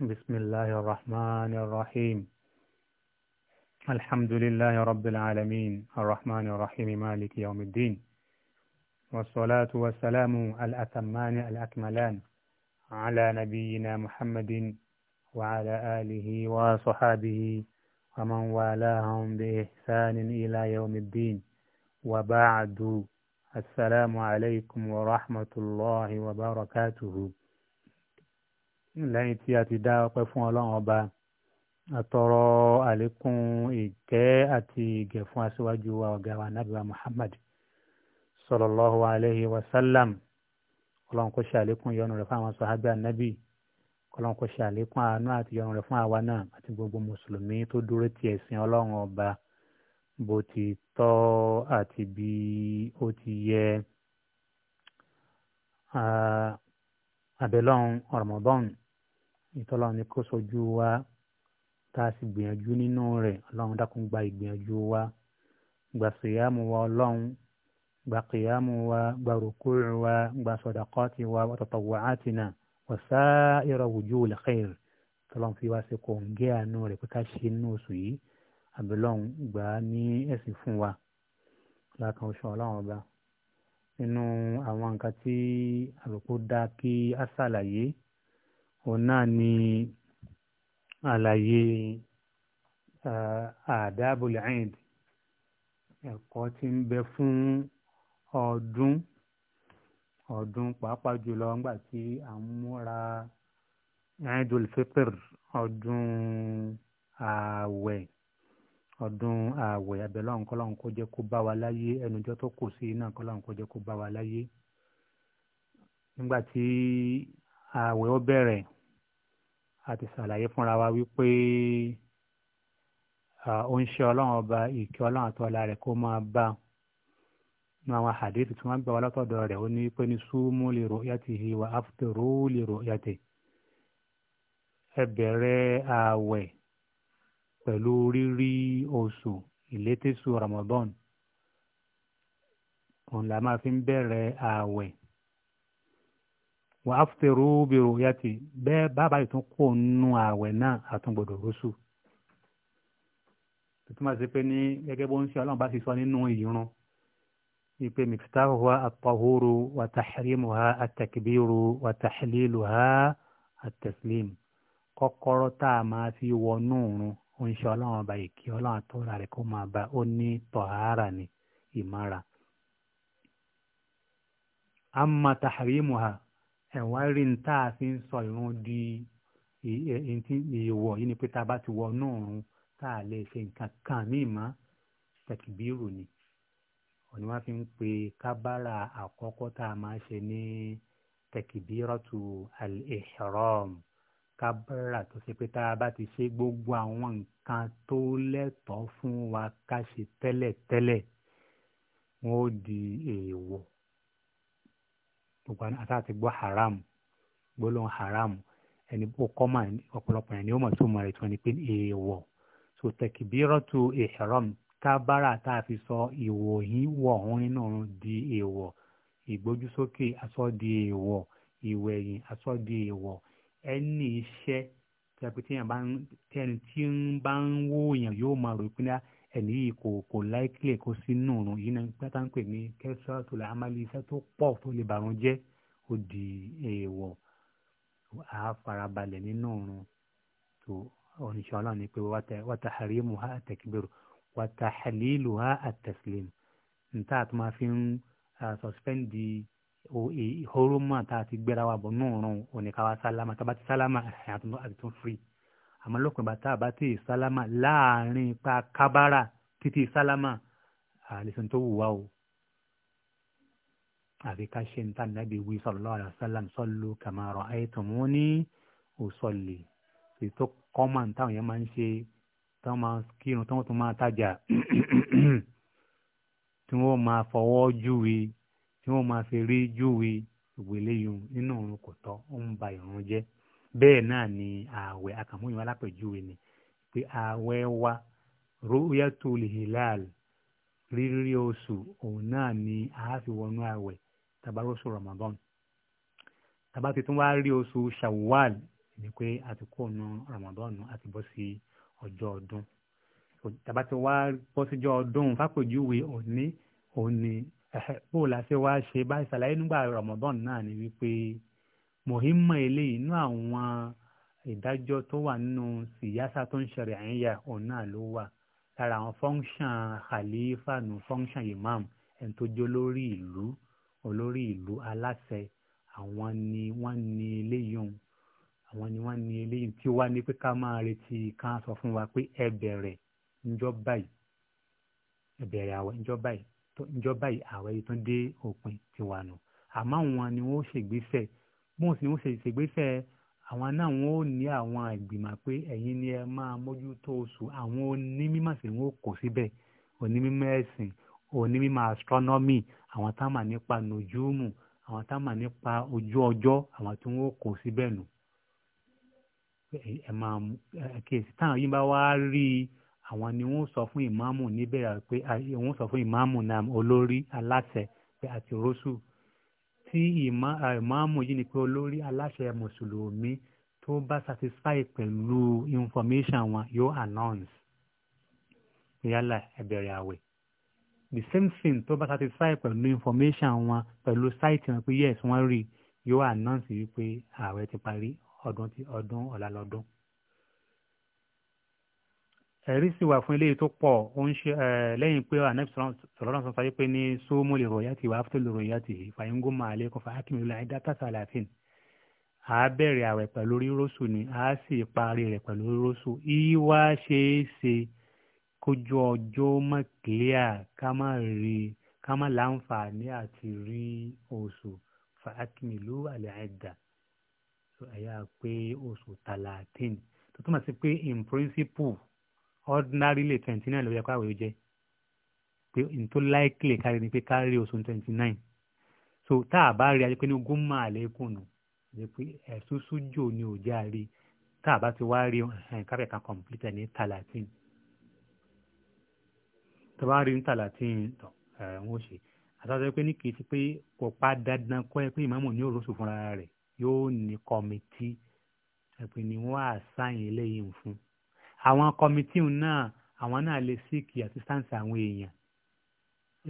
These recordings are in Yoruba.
بسم الله الرحمن الرحيم الحمد لله رب العالمين الرحمن الرحيم مالك يوم الدين والصلاة والسلام الأتمان الأكملان على نبينا محمد وعلى آله وصحابه ومن والاهم بإحسان إلى يوم الدين وبعد السلام عليكم ورحمة الله وبركاته lẹ́yìn tí a ti dá ọpẹ́ fún ọlọ́run ọba àtọrọ àlékún ìkẹ́ àti ìgẹ̀ fún aṣíwájú wa ọ̀gá wa nábì wa Muhammad sallallahu alayhi wa sallam ọlọ́run kó ṣe àlékún ìyọ́nú rẹ̀ fún àwọn sàhábà nábì ọlọ́run kó ṣe àlékún àánú àti ìyọ́nú rẹ̀ fún àwa náà àti gbogbo mùsùlùmí tó dúró ti ẹ̀sìn ọlọ́run ọba bó ti tọ́ àti bí ó ti yẹ abẹ́lọ́run Ramadan ìtọ́lá ni kó sọjú wa tá a sì gbìyànjú nínú rẹ̀ ọlọ́run dákun gba ìgbìyànjú wa gba sèyámù wa ọlọ́run gba kìyámù wa gba rùkúrù wa gba sọ̀dàkọ́tì wa wàtọ̀tọ̀ wàhátìnà wàsá ìrọ̀ wùjú lẹ́kẹ̀rì tọ́lọ́n fi wá sí kòǹgẹ́ àánú rẹ̀ pé ká ṣe inú oṣù yìí àbẹ̀lọ́run gbà á ní ẹ̀sìn fún wa lákan oṣù ọlọ́run ọba nínú àwọn nǹkan tí àlòkù dá kí á ṣàlàyé òun náà ni àlàyé àdábòlì Eid ẹ̀kọ́ tí ń bẹ fún ọdún ọdún pàápàá jùlọ ńgbà tí à ń múra Eidul Fitr ọdún ààwẹ̀ ọdún ààwẹ̀ abẹ́lẹ́ ọ̀nkọ́lọ́ ọ̀nkọ́ jẹ́ kó bá wa láyé ẹnujọ́ tó kù sí iná ọ̀nkọ́lọ́ ọ̀nkọ́ jẹ́ kó bá wa láyé nígbà tí ààwẹ̀ ó bẹ̀rẹ̀ àti ṣàlàyé fúnra wa wípé ó ń ṣe ọlọ́run ọba ìkẹ́ ọlọ́run àti ọlá rẹ̀ kó máa bá nu àwọn hadith tí wọ́n gbà wá látọ̀dọ̀ rẹ̀ ó ní pé ní súnmú li ru'yatihi wa aftiru li ru'yatihi ẹ bẹ̀rẹ̀ ààwẹ̀ pẹ̀lú rírí oṣù ìlétésù Ramadan òun là máa fi ń bẹ̀rẹ̀ ààwẹ̀ wà á fẹ̀rù bẹ̀rù yàtì bẹ́ẹ̀ bàbá yìí tún kó nu ààwẹ̀ náà àtúngbọ̀dọ̀ rọ́ṣù. tuntun àti pé ní gẹ́gẹ́ bó ń ṣe ọlọ́run bá ti sọ nínú ìrun ipe miftahuha at-tahuru wa tahrimuha at-takbiru kọ́kọ́rọ́ tá a máa fi wọnú òrun ń ṣe ọlọ́run ọba ìkí ọlọ́run àtọ́ra rẹ̀ kó máa bá ó ní tọ̀hárà ni ìmára. amma tahrimuha ẹ̀wá rí ní tá a fi ń sọ ìrun di ìwọ̀ yìí ni pé tá a bá ti wọ inú òrun tá a lè ṣe nǹkan kan ní ìmọ̀ tẹ̀kìbírù ni òní wọ́n fi ń pe kábàrà àkọ́kọ́ tá a máa ṣe ní tẹ̀kìbírọ̀tù al-ihram kábàrà tó ṣe pé tá a bá ti ṣe gbogbo àwọn nǹkan tó lẹ́tọ̀ọ́ fún wa ká ṣe tẹ́lẹ̀tẹ́lẹ̀ wọ́n ó di èèwọ̀. E gbogbo àti àti gbọ́ haram gbólóhùn haram ẹni bó kọ́mà ọ̀pọ̀lọpọ̀ ẹni ó mọ̀ tó mọ̀ rẹ̀ tí wọ́n ní pé èèwọ̀ so tẹ̀kìbírọ̀tù ìhram kábàrà tá a fi sọ ìwò yìí wọ̀ ọ̀hún nínú ọ̀run di èèwọ̀ ìgbójúsókè aṣọ di èèwọ̀ ìwẹ̀yìn aṣọ di èèwọ̀ ẹni iṣẹ́ tẹ̀pẹ́ tí ń bá ń wó èèyàn yóò máa rò pé ẹni yìí kò kò láìkílẹ̀ kó sínú òrùn yìí náà gbátà ń pè ní kẹsàn-án tó lè amálẹ̀ iṣẹ́ tó pọ̀ tó lè bàrún jẹ́ ó di èèwọ̀ á farabalẹ̀ nínú òrùn tó oníṣẹ́ ọlọ́run ni pé wàtà harimu ha àtẹ̀kíbẹ̀rù wàtà halilu ha àtẹ̀sílẹ̀mù níta tó máa fi ń sọ̀spẹ́ndì horoma tá a ti gbéra wa bọ̀ náà rún oníkàwá sálámà tá a bá ti sálámà àti tún free àmọ́ lópin bàtà bá sálámà láàrin pa kábàrà títí sálámà àlẹ́sìn tó wù wá o àfi ká ṣe ń tà nábì wí sallallahu alaihi wasallam sallu kama ra'aytumuni usalli èyí tó kọ́mà táwọn yẹn máa ń ṣe táwọn máa kírun táwọn tún máa tajà tí wọ́n máa fọwọ́ júwe tí wọ́n máa fi rí júwe ìwé léyìn nínú òun kò tọ́ ó ń ba ìrun jẹ́ bẹ́ẹ̀ náà ni ààwẹ̀ akàmúyìn alápẹ̀júwe ni pé ààwẹ̀ wa ru'yatul hilal rírí oṣù òun náà ni a fi wọnú àwẹ̀ tabarí Ramadan tàbá ti tún wá rí oṣù Shawwal ni pé a ti kó ọ̀nà Ramadan àti bọ́ sí ọjọ́ ọdún tàbá ti wá bọ́ síjọ́ ọdún fàpèjúwe òní òní bó la ṣe wá ṣe bá ìsàlàyé nígbà Ramadan náà ni wípé mọ̀hímọ̀ eléyìí inú àwọn ìdájọ́ tó wà nínú sìyásá tó ń ṣẹlẹ̀ àyíyá òun náà ló wà lára àwọn fọ́ńṣàn khalifa nù fọ́ńṣàn imam ẹni tó jẹ́ olórí ìlú olórí ìlú aláṣẹ àwọn ni wọ́n ní eléyìí àwọn ni wọ́n ní eléyìí tí wá ní pé ká máa retí ká sọ fún wa pé ẹ bẹ̀rẹ̀ ńjọ́ báyìí ẹ bẹ̀rẹ̀ àwẹ̀ ńjọ́ báyìí ńjọ́ báyìí àwẹ̀ yìí tó dé òpin tiwa nù àmọ́ àwọn ni wọ́n ṣègbésẹ̀ bóun sì ni wọ́n ṣègbésẹ̀ àwọn náà wọn ò ní àwọn ìgbìmọ̀ pé ẹ̀yin ni ẹ máa mójútó oṣù àwọn onímọ̀ sí wọn ò kó síbẹ̀ onímọ̀ ẹ̀sìn onímọ̀ astronomy àwọn tá a mà nípa nùjúmù àwọn tá a mà nípa ojú ọjọ́ àwọn tí wọn ò kó síbẹ̀ nù ẹ máa kíyèsí táwọn yìí bá wá rí i àwọn ni wọn sọ fún ìmáàmù níbẹ̀rẹ̀ pé wọn sọ fún ìmáàmù náà olórí aláṣẹ àti rọ́ṣù tí ìmáàmù yìí ni pé olórí aláṣẹ mùsùlùmí tó bá satisfy pẹ̀lú information wọn yóò announce yálà ẹ̀bẹ̀rẹ̀ àwẹ̀ the same thing tó bá satisfy pẹ̀lú information wọn pẹ̀lú site wọn pé yes wọ́n rí yóò announce wípé ààwẹ̀ ti parí ọdún ọdún lọ́dún ẹ̀rí sì wà fún eléyìí tó pọ̀ ó ń ṣe lẹ́yìn pé anabi sọ̀rọ̀ sọ sáyé pé ní sóòmù lè ròyà tì wá fúlẹ̀ ròyà tì fàyíngó máa lé kọfà ákìmí lónìí àìdá tàṣà àlàáfíà ni a bẹ̀rẹ̀ àwẹ̀ pẹ̀lú rírósù ni a sì parí rẹ̀ pẹ̀lú rírósù ìwà ṣeé ṣe kójú ọjọ́ mọ̀ kílíà ká má rí ká má láǹfààní àti rí oṣù fa ákìmí ló àlẹ́ tó túmọ̀ sí pé in principle ordinary twenty nine ló yẹ káwé jẹ pé nítorí láìkìlè kárí ni pé kárí oṣù twenty nine so tá a bá rí ajẹ́ pé ní gómà àlékún nù ajẹ́ pé ẹ̀sùsù jò ní òjá rí tá a bá ti wá rí káfíà kan complete ní talatin tó bá rí ní talatin tó ẹ̀ wọ́n ṣe àtàwọn pé ní kì í ti pé kò pa dandan kọ́ ẹ pé ìmáàmù ní òróṣù fúnra rẹ̀ yóò ní kọ́mítì ẹ̀ pé ni wọ́n á sáyìn eléyìí fún un àwọn kọmitì náà àwọn náà lè síkì assistance àwọn èèyàn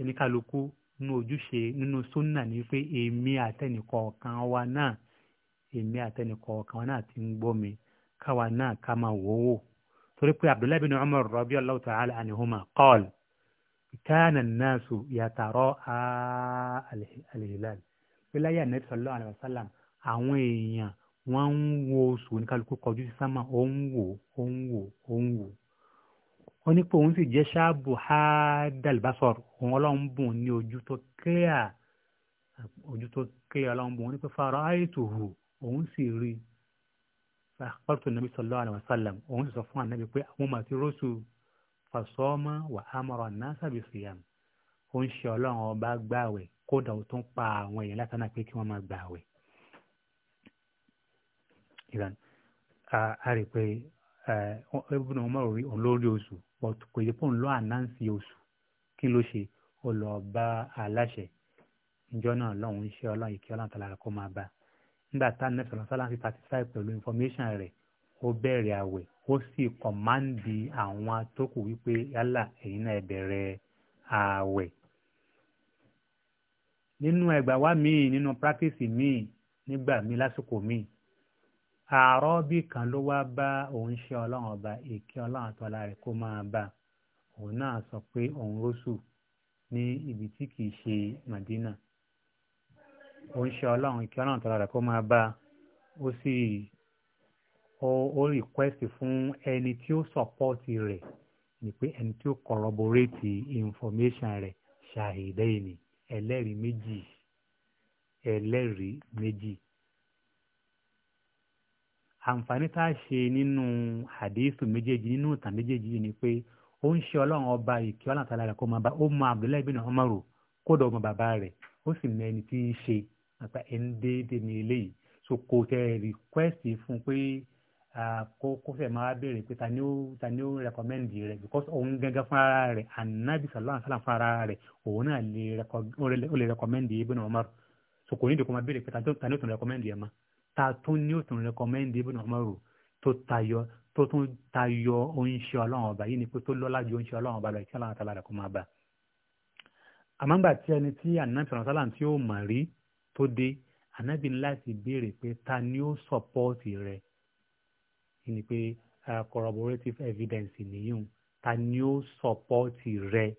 oníkàlùkù nínú ojúṣe nínú sunna ní pé èmi àtẹnìkọ̀ọ̀kan wa náà èmi àtẹnìkọ̀ọ̀kan wa náà ti ń gbọ́ mi káwa náà ká máa wò wò torí pé abdullahi bin umar radiyallahu ta'ala anihuma qal kana an-nasu yatara al-hilal wíláyà nabi sallallahu alaihi wasallam àwọn èèyàn wọ́n ń wo oṣù oníkálukú kọjú sí sámà ó ń wò ó ń wò ó ń wò ó ní pé òun sì jẹ́ ṣáàbù hádàlbásọ̀rọ̀ òun ọlọ́run bùn ní ojú tó kílíà ojú tó kílíà ọlọ́run bùn ó ní pé fara àìtòhù òun sì rí fàkọ́tò nàbí sallallahu alaihi wasallam òun sì sọ fún ànábì pé àwọn màtí rọ́ṣù fàṣọ́mọ́ wà ámọ̀rọ̀ náà sàbí siyam ó ṣe ọlọ́run ọba gbààwẹ̀ kódà ó tún pa àwọn èèyàn látàná pé kí wọ́n máa gbààwẹ̀ ìran a rí i pé ibùdó ọmọ rẹ òun ló rí oṣù but kò yẹ kó ń lọ ànáǹsì oṣù kí ló ṣe ó lọ bá aláṣẹ ìjọ náà lọ́hùn iṣẹ́ ọlọ́run ìkí ọlọ́run tàlàrà kó máa bá nígbà tá nẹ́sọ̀ lọ sálà sí thirty five pẹ̀lú information rẹ̀ ó bẹ̀rẹ̀ àwẹ̀ ó sì kọ̀máǹdì àwọn tó wípé yálà ẹ̀yin náà bẹ̀rẹ̀ àwẹ̀ nínú ẹgbàá wa míì nínú practice míì nígbà míì lásìkò míì àárọ́bì kan ló wá bá òun ṣe ọlọ́run ọba èké ọlọ́run àtọ́lá rẹ̀ kó máa bá òun náà sọ pé òun róṣù ní ibi tí kìí ṣe Madina òun ṣe ọlọ́run èké ọlọ́run àtọ́lá rẹ̀ kó máa bá ó sì ó request fún ẹni tí ó support rẹ̀ ni pé ẹni tí ó corroborate information rẹ̀ ṣàhìdẹ́yìn ẹlẹ́rìí méjì ẹlẹ́rìí méjì àǹfààní tá a ṣe nínú hadithu méjèèjì nínú ìtàn méjèèjì yìí ni pé ó ń ṣe ọlọ́run ọba ìkí ọlọ́run tàlà rẹ̀ kó máa bá ó mọ abdullahi bin umaru kódà ọmọ bàbá rẹ̀ ó sì mọ ẹni tí í ṣe àgbà ẹni déédéé ní eléyìí so kò tẹ rìkwẹ́sì fún pé kó kó fẹ́ máa béèrè pé ta ni ó ta ni ó rẹkọmẹ́ndì rẹ̀ because òun gángan fún ara rẹ̀ anabi sallallahu alaihi wasallam fún ara rẹ̀ òun náà lè rẹkọmẹ́ndì ibn umaru so kò ní ìdí máa béèrè pé ta ni ó tún rẹkọmẹ́ndì ẹ̀ máa ta tún ní òtún rẹkọmẹ́ndì ibùdó ọmọrò tó tayọ tó tún tayọ oúnṣe ọlọ́run ọba yìí ni pé tó lọ́lá ju oúnṣe ọlọ́run ọba lọ kí ọlọ́run àtàlà rẹ̀ kó máa bá àmọ́ ńgbà tí ẹni tí ànábì sọ̀rọ̀ sálàm tí ó mọ̀ rí tó dé ànábì ní láti béèrè pé ta ni ó sọ̀pọ́ọ̀tì rẹ̀ kí ni pé corroborative evidence nìyíùn ta ni ó sọ̀pọ́ọ̀tì rẹ̀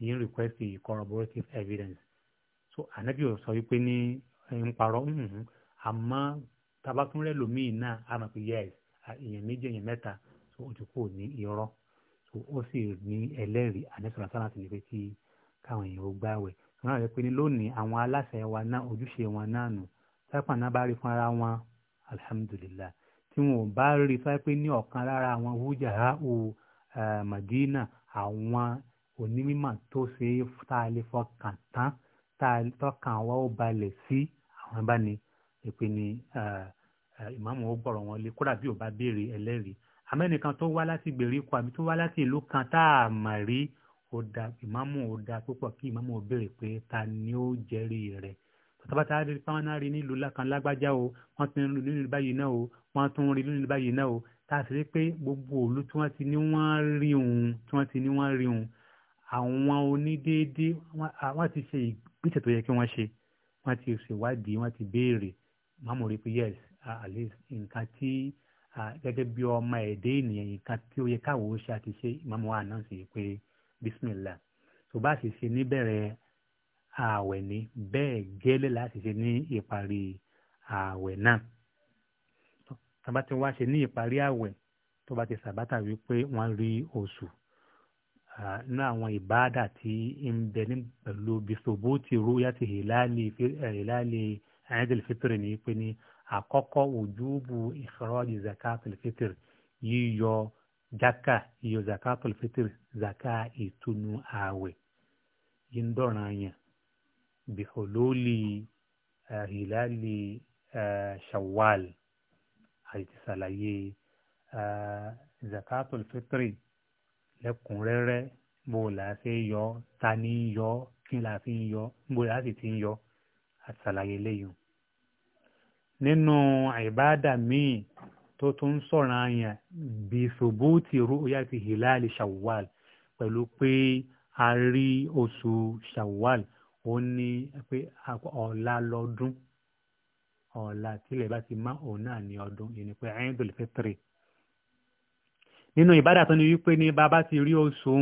yìí request corroborative evidence so ànábì ò sọ wípé ní ń parọ́ mm-hmm àmọ́ tabatunrẹ́ lòmíì náà a mọ̀ pé yẹ́s èèyàn méjì èèyàn mẹ́ta tó o ti kú ní irọ́ tó o sì ní ẹlẹ́rìí àdẹ́sọ̀rọ̀ sábà ti lè fi kí káwọn èèyàn ó gbáwẹ̀ wọn rẹ pé ní lónìí àwọn aláṣẹ wa náà ojúṣe wọn náà nù sápà náà bá rí fún ara wọn alhamdulillah tí wọn ò bá rí sápẹ́ ní ọ̀kan lára àwọn wújàrá o Madina àwọn onímọ̀ tó ṣe é tá a lè fọkàn tán tá a lè fọkàn ó balẹ̀ sí àwọn bá pé ní ìmáàmù ó gbọ̀rọ̀ wọn lé kódà bí ò bá béèrè ẹlẹ́rìí amẹ́nìkan tó wá láti gbèríko àbí tó wá láti ìlú kan tá a mà rí ó da ìmáàmù ó da púpọ̀ kí ìmáàmù ó béèrè pé ta ni ó jẹ́rìí rẹ̀ pátápátá rí pàmánárì nílùú lákan lágbájá o wọ́n ti ń rí nílùú báyìí náà o wọ́n tún ń rí nílùú báyìí náà o tá a sì rí pé gbogbo òlu tí wọ́n ti ní wọ́n rí òun tí wọ́n ti ní wọ́n rí òun àwọn onídéédé wọ́n ti ṣe ìgbésẹ̀ tó yẹ kí wọ́n ṣe wọ́n ti ṣèwádìí wọ́n ti béèrè màmú rí pé yes at least nǹkan tí gẹ́gẹ́ bí ọmọ ẹ̀dẹ́ ènìyàn nǹkan tí ó yẹ káwọ́ ṣe àti ṣe màmú wa náà sì pé bismillah tó bá sì ṣe níbẹ̀rẹ̀ ààwẹ̀ ní bẹ́ẹ̀ gẹ́lẹ́ láti ṣe ní ìparí ààwẹ̀ náà tàbá ti wá ṣe ní ìparí ààwẹ̀ tó bá ti sàbátà wípé wọ́n rí oṣù nínú àwọn ìbáàdà tí ń bẹ ní pẹ̀lú bisobóòtì rúyàtì hìláàlì hìláàlì Eidul Fitr ni pé ní àkọ́kọ́ wujubu ikhraj zakatul fitr yíyọ jaka yíyọ zakatul fitr zaka ìtúnu ààwẹ̀ yìí ń dọ̀ràn yẹn bìhòlólì hilali shawwal àti sàlàyé zakatul fitr lẹ́kùnrẹ́rẹ́ bó la ṣe yọ ta ni yọ kí la fi ń yọ bó la sì ti ń yọ àti sàlàyé lẹ́yìn nínú ìbáàdà míì tó tún sọ̀rọ̀ àyàn bí ṣubúùtì rúyàtì hilali shawwal pẹ̀lú pé a rí oṣù shawwal ó ní pé ọ̀la lọ́dún ọ̀la tílẹ̀ bá ti má òun náà ní ọdún yìí ni pé Eidul Fitri nínú ìbádà tó ní wípé ní bàbá ti rí oṣù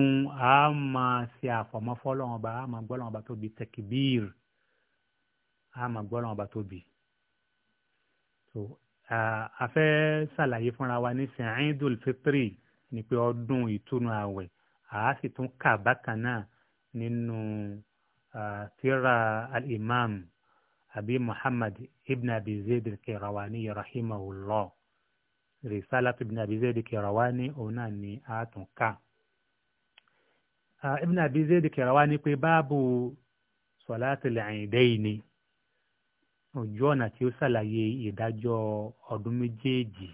a máa ṣe àfọ̀mọ́ fọ́lọ́run ọba a máa gbọ́lọ́run ọba tóbi tẹkibíìr a máa gbọ́lọ́run ọba tóbi so a fẹ́ ṣàlàyé fúnra wa ní sin Eidul Fitri ni pé ọdún ìtúnu àwẹ̀ àá sì tún kà bákan náà nínú tírà al-imam abi Muhammad ibn abi Zayd al-Qirawani rahimahullah risalatu ibn abi Zayd al-Qirawani òun náà ni a tún kà. ibn abi Zayd al pé báàbù salatul Eidaini ojú ọ̀nà tí ó ṣàlàyé ìdájọ́ ọdún méjèèjì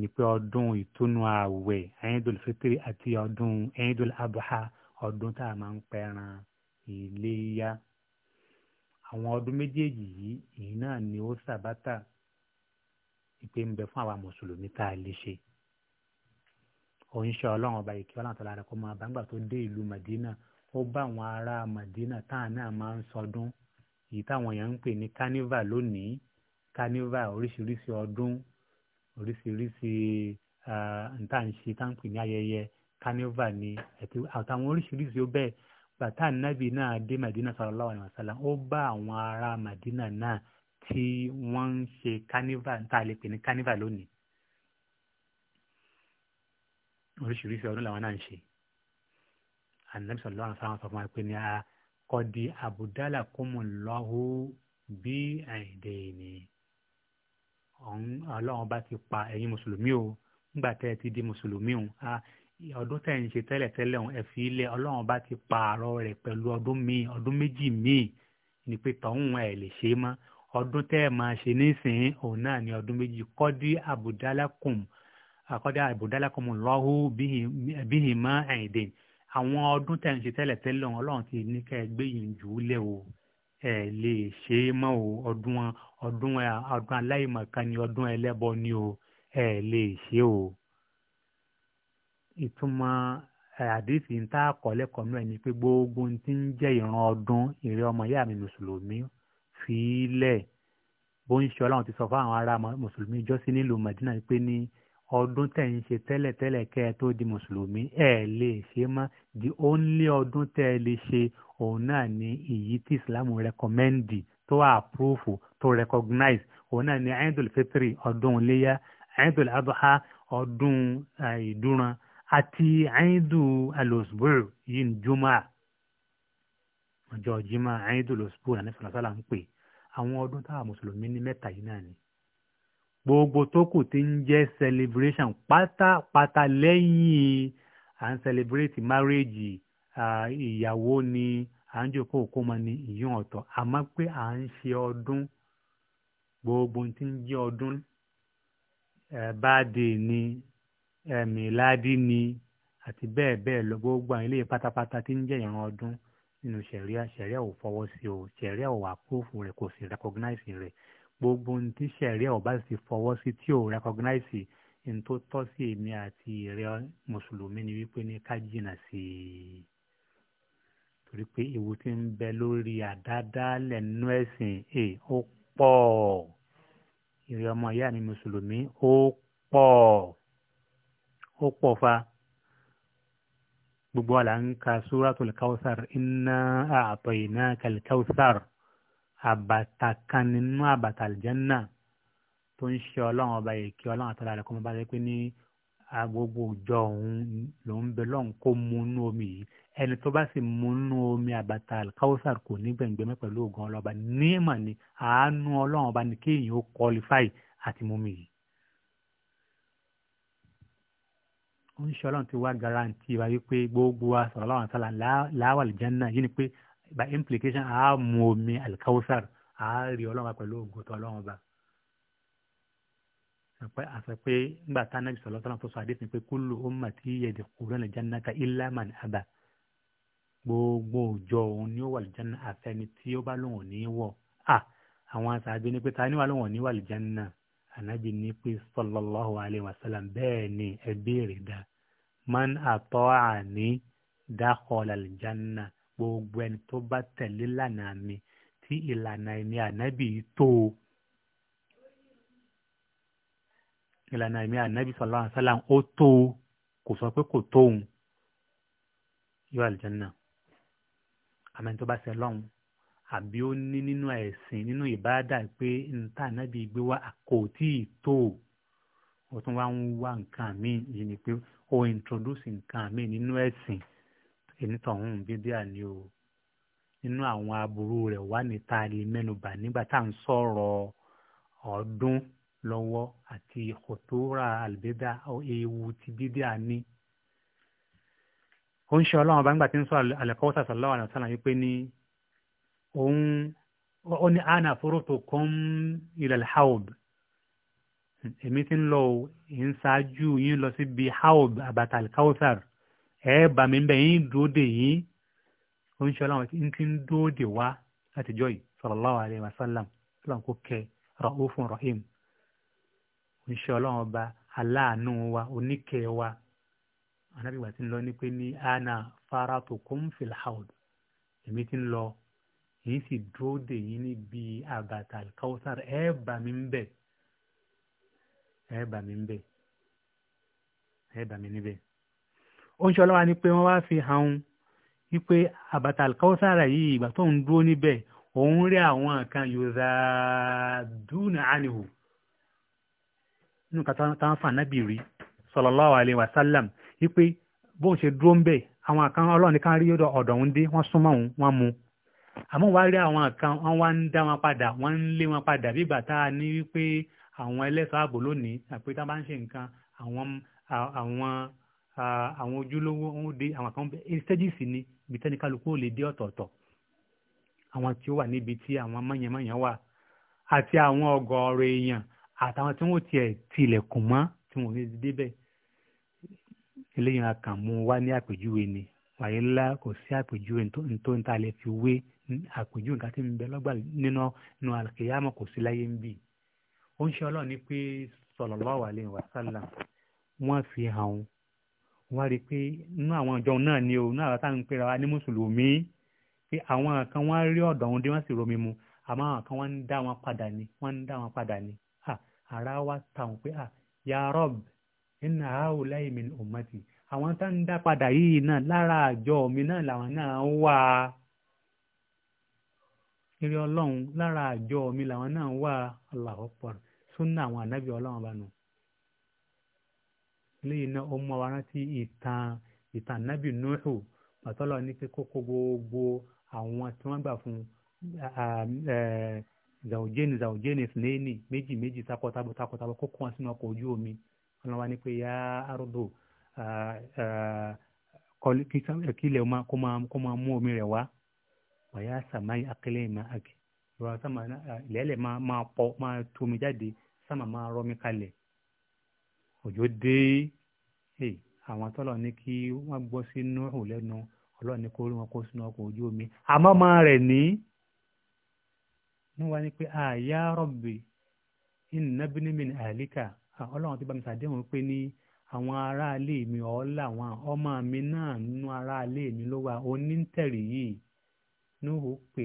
ni pé ọdún ìtúnu ààwẹ̀ ẹ̀yìndòl fitiri àti ọdún ẹ̀yìndòl abuha ọdún tá a máa ń pẹran iléyá àwọn ọdún méjèèjì yìí èyí náà ni ó ṣàbátà ìpè ń bẹ fún àwa mùsùlùmí tá a lè ṣe òǹṣẹ́ ọlọ́run ọba ìkí ọlọ́run tọ́lá rẹ̀ kó máa bá ńgbà tó dé ìlú Madina ó bá àwọn ará Madina táà náà máa ń sọdún èyí táwọn èèyàn ń pè ní carniva lónìí carniva oríṣiríṣi ọdún oríṣiríṣi nta ń ṣe tá ń pè ní ayẹyẹ carniva ni àtàwọn oríṣiríṣi ó bẹ́ẹ̀ bàtà nàbì náà dé Madina sallallahu alaihi wasallam ó bá àwọn ará Madina náà tí wọ́n ń ṣe carniva tá a lè pè ní carniva lónìí oríṣiríṣi ọdún làwọn náà ń ṣe ànábì sallallahu alaihi wasallam sọ fún ní a. Ah, kọ̀dí abudala kúmù bi bí àìdè ni ọlọ́run bá ti pa ẹ̀yin mùsùlùmí o nígbà tẹ́ ẹ ti di mùsùlùmí o ọdún tẹ̀ ń ṣe tẹ́lẹ̀tẹ́lẹ̀ ẹ fi ilẹ̀ ọlọ́run bá ti pààrọ̀ rẹ̀ pẹ̀lú ọdún míì ọdún méjì míì ni pé tọ́hún ẹ̀ lè ṣe mọ́ ọdún tẹ́ ẹ máa ṣe nísìnyí òun náà ni ọdún méjì kọ́dí àbùdálà kùmù àkọ́dí àbùdálà kùmù lọ́hù bíhìmá àwọn ọdún tẹ̀ ń ṣe tẹ́lẹ̀ tẹ́lẹ̀ ọlọ́run ti ní ká ẹ gbé yìí jù ú lẹ̀ o ẹ lè ṣe é mọ́ o ọdún ọdún ọdún aláìmọ̀kan ni ọdún ẹlẹ́bọ ni o ẹ lè ṣe o. ìtumọ̀ àdìsí ń tá àkọọ́lẹ̀ kọ́nú ẹ̀ ni pé gbogbo ohun tí ń jẹ́ ìran ọdún ìrẹ́ ọmọ ìyá mi mùsùlùmí fi lẹ̀ bó ń ṣe ọlọ́run ti sọ fún ará mùsùlùmí jọ́sí nílùú Madina pé ní ọdún tẹ̀ ń ṣe tẹ́lẹ̀tẹ́lẹ̀ kẹ́ ẹ tó di mùsùlùmí ẹ lè ṣe mọ́ the only ọdún tẹ́ ẹ lè ṣe òun náà ni èyí tí islam rẹkọmẹ́ndì tó àpúrúfù tó rẹkọgnáìs òun náà ni Eidul Fitri ọdún iléyà Eidul Adha ọdún ìdúran àti Eidul alosbur yìí ní juma ọjọ́ jimá Eidul alosbur àníṣàlásàlà ń pè àwọn ọdún táwa mùsùlùmí ní mẹ́ta yìí náà ni gbogbo tó kù ti ń jẹ́ celebration pátápátá lẹ́yìn à ń celebrate marriage ìyàwó ni à ń jòkó òkómọ ni ìyún ọ̀tọ̀ àmọ́ pé à ń ṣe ọdún gbogbo ti ń jẹ́ ọdún báàdì ni mìládì ni àti bẹ́ẹ̀ bẹ́ẹ̀ lọ gbogbo àwọn eléyìí pátápátá ti ń jẹ́ ìran ọdún nínú ṣẹ̀ríà ṣẹ̀ríà ò fọwọ́ sí o ṣẹ̀ríà ò wà kófù rẹ̀ kò sì recognize rẹ̀ gbogbo ohun tí sẹ̀ríà ọba sì fọwọ́ sí tí ò rẹ́kọ̀gnáìsì ní tó tọ́ sí èmi àti ìrẹ́ mùsùlùmí ni wípé ní ká jìnnà sí i torí pé ewu tí ń bẹ lórí àdádálẹ̀ nínú ẹ̀sìn ẹ̀ ó pọ̀ ìrẹ́ ọmọ ìyá mi mùsùlùmí ó pọ̀ ó pọ̀ fa gbogbo àlà ń ka súratul Kawthar inna a'tainaka al-Kawthar àbàtà kan nínú àbàtà àlìjánná tó ń ṣe ọlọ́run ọba yìí kí ọlọ́run àtàlà rẹ̀ kọ́ mọ́ bá rẹ̀ pé ní agbogbo òjọ òun ló ń bẹ lọ́run kó mu inú omi yìí ẹni tó bá sì mu inú omi àbàtà alkausar kò ní gbẹ̀ngbẹ̀mẹ́ pẹ̀lú ògùn ọlọ́ba nímọ̀ ni àánú ọlọ́run ọba ni kéèyàn ó kọlifáì àti mumi yìí. ó ń ṣe ọlọ́run ti wá garanti wa wípé gbogbo wa ọlọ́run àtàlà láwàlì jẹ́ náà yìí ni pé by implication a mu omi alikawusar a rí ọlọ́run wa pẹ̀lú ògùtọ̀ ọlọ́run ba àṣẹ pé nígbà tá anábì sọ̀rọ̀ tọ́lá tó sọ àdéhùn pé kullu ummati yadkhuluna al-jannata illa man aba gbogbo òjò òun ni ó wà lìjánná àfẹni tí ó bá lóun ní wọ̀ à àwọn àṣàbí ni pé ta ni wà lóun ní wà lìjánná ànábì ní pé sallallahu alayhi wa bẹ́ẹ̀ ni ẹbí rẹ̀ dá man ata'ani dakhala al-janna gbogbo ẹni tó bá tẹ̀lé lànà mi tí ìlànà ẹ̀mí ànábì yìí tó o ìlànà ẹ̀mí ànábì sallallahu alaihi wasallam ó tó o kò sọ pé kò tóun yóò àlùjánnà àmọ́ ẹni tó bá ṣe lọ́hùn àbí ó ní nínú ẹ̀sìn nínú ìbáàdà pé níta ànábì gbé wá kò tí ì tó o ó tún wá ń wá nǹkan míì yìí ni pé ó introduce nǹkan míì nínú ẹ̀sìn ẹnitọ̀hún bídíà ni o nínú àwọn aburú rẹ̀ wà ní tá a lè mẹ́nubà nígbà tá à ń sọ̀rọ̀ ọdún lọ́wọ́ àti kòtòrà àlùbídà ewu ti bídíà ní. ó ń ṣe ọlọ́run bá ń gbà tí ń sọ àlẹ́kọ́wọ́sà sallallahu alaihi wasallam wípé ní òun ó ní ana furutukum ila al-hawd èmi ti ń lọ ìń ṣáájú yín lọ síbi hawd àbàtà al ẹ bà mí bẹ́ẹ̀ yín dúró dè yín oníṣẹ́ ọlọ́run ti ń ti ń dúró dè wá láti jọ́ yìí sallallahu alaihi wasallam ọlọ́run kò kẹ́ raufun rahim oníṣẹ́ ọlọ́run ọba aláàánú wa oníkẹ́ wa anábìgbà ti ń lọ ní pé ní ana faratukum fil haud èmi ti ń lọ èyí sì dúró dè yín níbi àbàtà alkausar ẹ bà mí bẹ́ẹ̀ ẹ bà mí bẹ́ẹ̀ ẹ bà mí níbẹ̀ ó ń ṣọlọ́wà ní pé wọ́n wá fi hàn án wípé àbàtà alkausara yìí ìgbà tó ń dúró níbẹ̀ òun rí àwọn kan yorùbá dúnà ánìhù nínú táwọn fànábì rí sallallahu alaihi wasallam wípé bóun ṣe dúró ń bẹ̀ àwọn kan ọlọ́run ní ká rí ọ̀dọ̀ òun dé wọ́n súnmọ́ òun wọ́n mu àmọ́ wàá rí àwọn kan wọ́n wá ń dá wọn padà wọ́n ń lé wọn padà bí ìgbà tá wípé àwọn ẹlẹ́sọ̀ ààbò lónìí àpé bá ń ṣe nǹkan àwọn àwọn àwọn ojúlówó ń dé àwọn kan stages ni ibi tẹ́ni kálukú ò lè dé ọ̀tọ̀ọ̀tọ̀ àwọn tí ó wà níbi tí àwọn mọ̀nyẹ̀mọ̀nyẹ̀ wà àti àwọn ọgọ́ọ̀rọ̀ èèyàn àtàwọn tí wọ́n tiẹ̀ tilẹ̀kùn mọ́ tí wọ́n lè débẹ̀ eléyìí kan mú wá ní àpèjúwe ni wàyí ńlá kò sí àpèjúwe tó ń ta lè fi wé àpèjúwe nǹkan tí ń bẹ lọ́gbà nínú nínú àlùkìyàmọ̀ kò sí láyé ń bì ó ń ṣe ọlọ́run ní pé sallallahu alaihi wasallam wọ́n fi hàn wọ́n rí i pé inú àwọn ìjọ náà ni o inú àwọn táwọn ń pera wa ní mùsùlùmí pé àwọn kan wọ́n rí ọ̀dọ̀ wọn dé wọ́n sì romi mu àmọ́ àwọn kan wọ́n ń dá wọn padà ni wọ́n ń dá wọn padà ni ara wa tàwọn pé ya Rabb inna haulai min ummati àwọn tá ń dá padà yìí náà lára àjọ mi náà làwọn náà ń wà á eré ọlọ́run lára àjọ mi làwọn náà ń wà á Allahu Akbar sunna àwọn ànábì ọlọ́run bá nù léyìn náà ó mú wa rántí ìtàn ìtàn nábì Nuhu pàtọ́lọ̀ ní pé kókó gbogbo àwọn tí wọ́n gbà fún zaujeni zaujeni sineni méjì méjì takọtabo takọtabo kókó wọn sínú ọkọ̀ ojú omi wọn wá ní pé yá arúgbó kílẹ̀ kó máa mú omi rẹ̀ wá wàyà sàmáyé akílẹ̀ ìmọ̀ àkè ìrọ̀ sàmà ilẹ̀ máa pọ̀ máa tómi jáde sàmà máa rọ́mi kalẹ̀ òjò dé àwọn tọ́lọ̀ ní kí wọ́n gbọ́ sínú òun lẹ́nu ọlọ́ọ̀ni kó rí wọn kó sínú ọkọ̀ ojú omi àmọ́ ọmọ rẹ̀ ní. wọ́n wá ní pé àyà rọ̀bì ìnàbínímìn àlíkà ọlọ́run ti bá mi sàdéhùn pé ní àwọn aráalé mi ọ̀ọ́lá àwọn ọmọ mi náà nínú aráalé mi ló wà onítẹ̀rì yìí núhù pé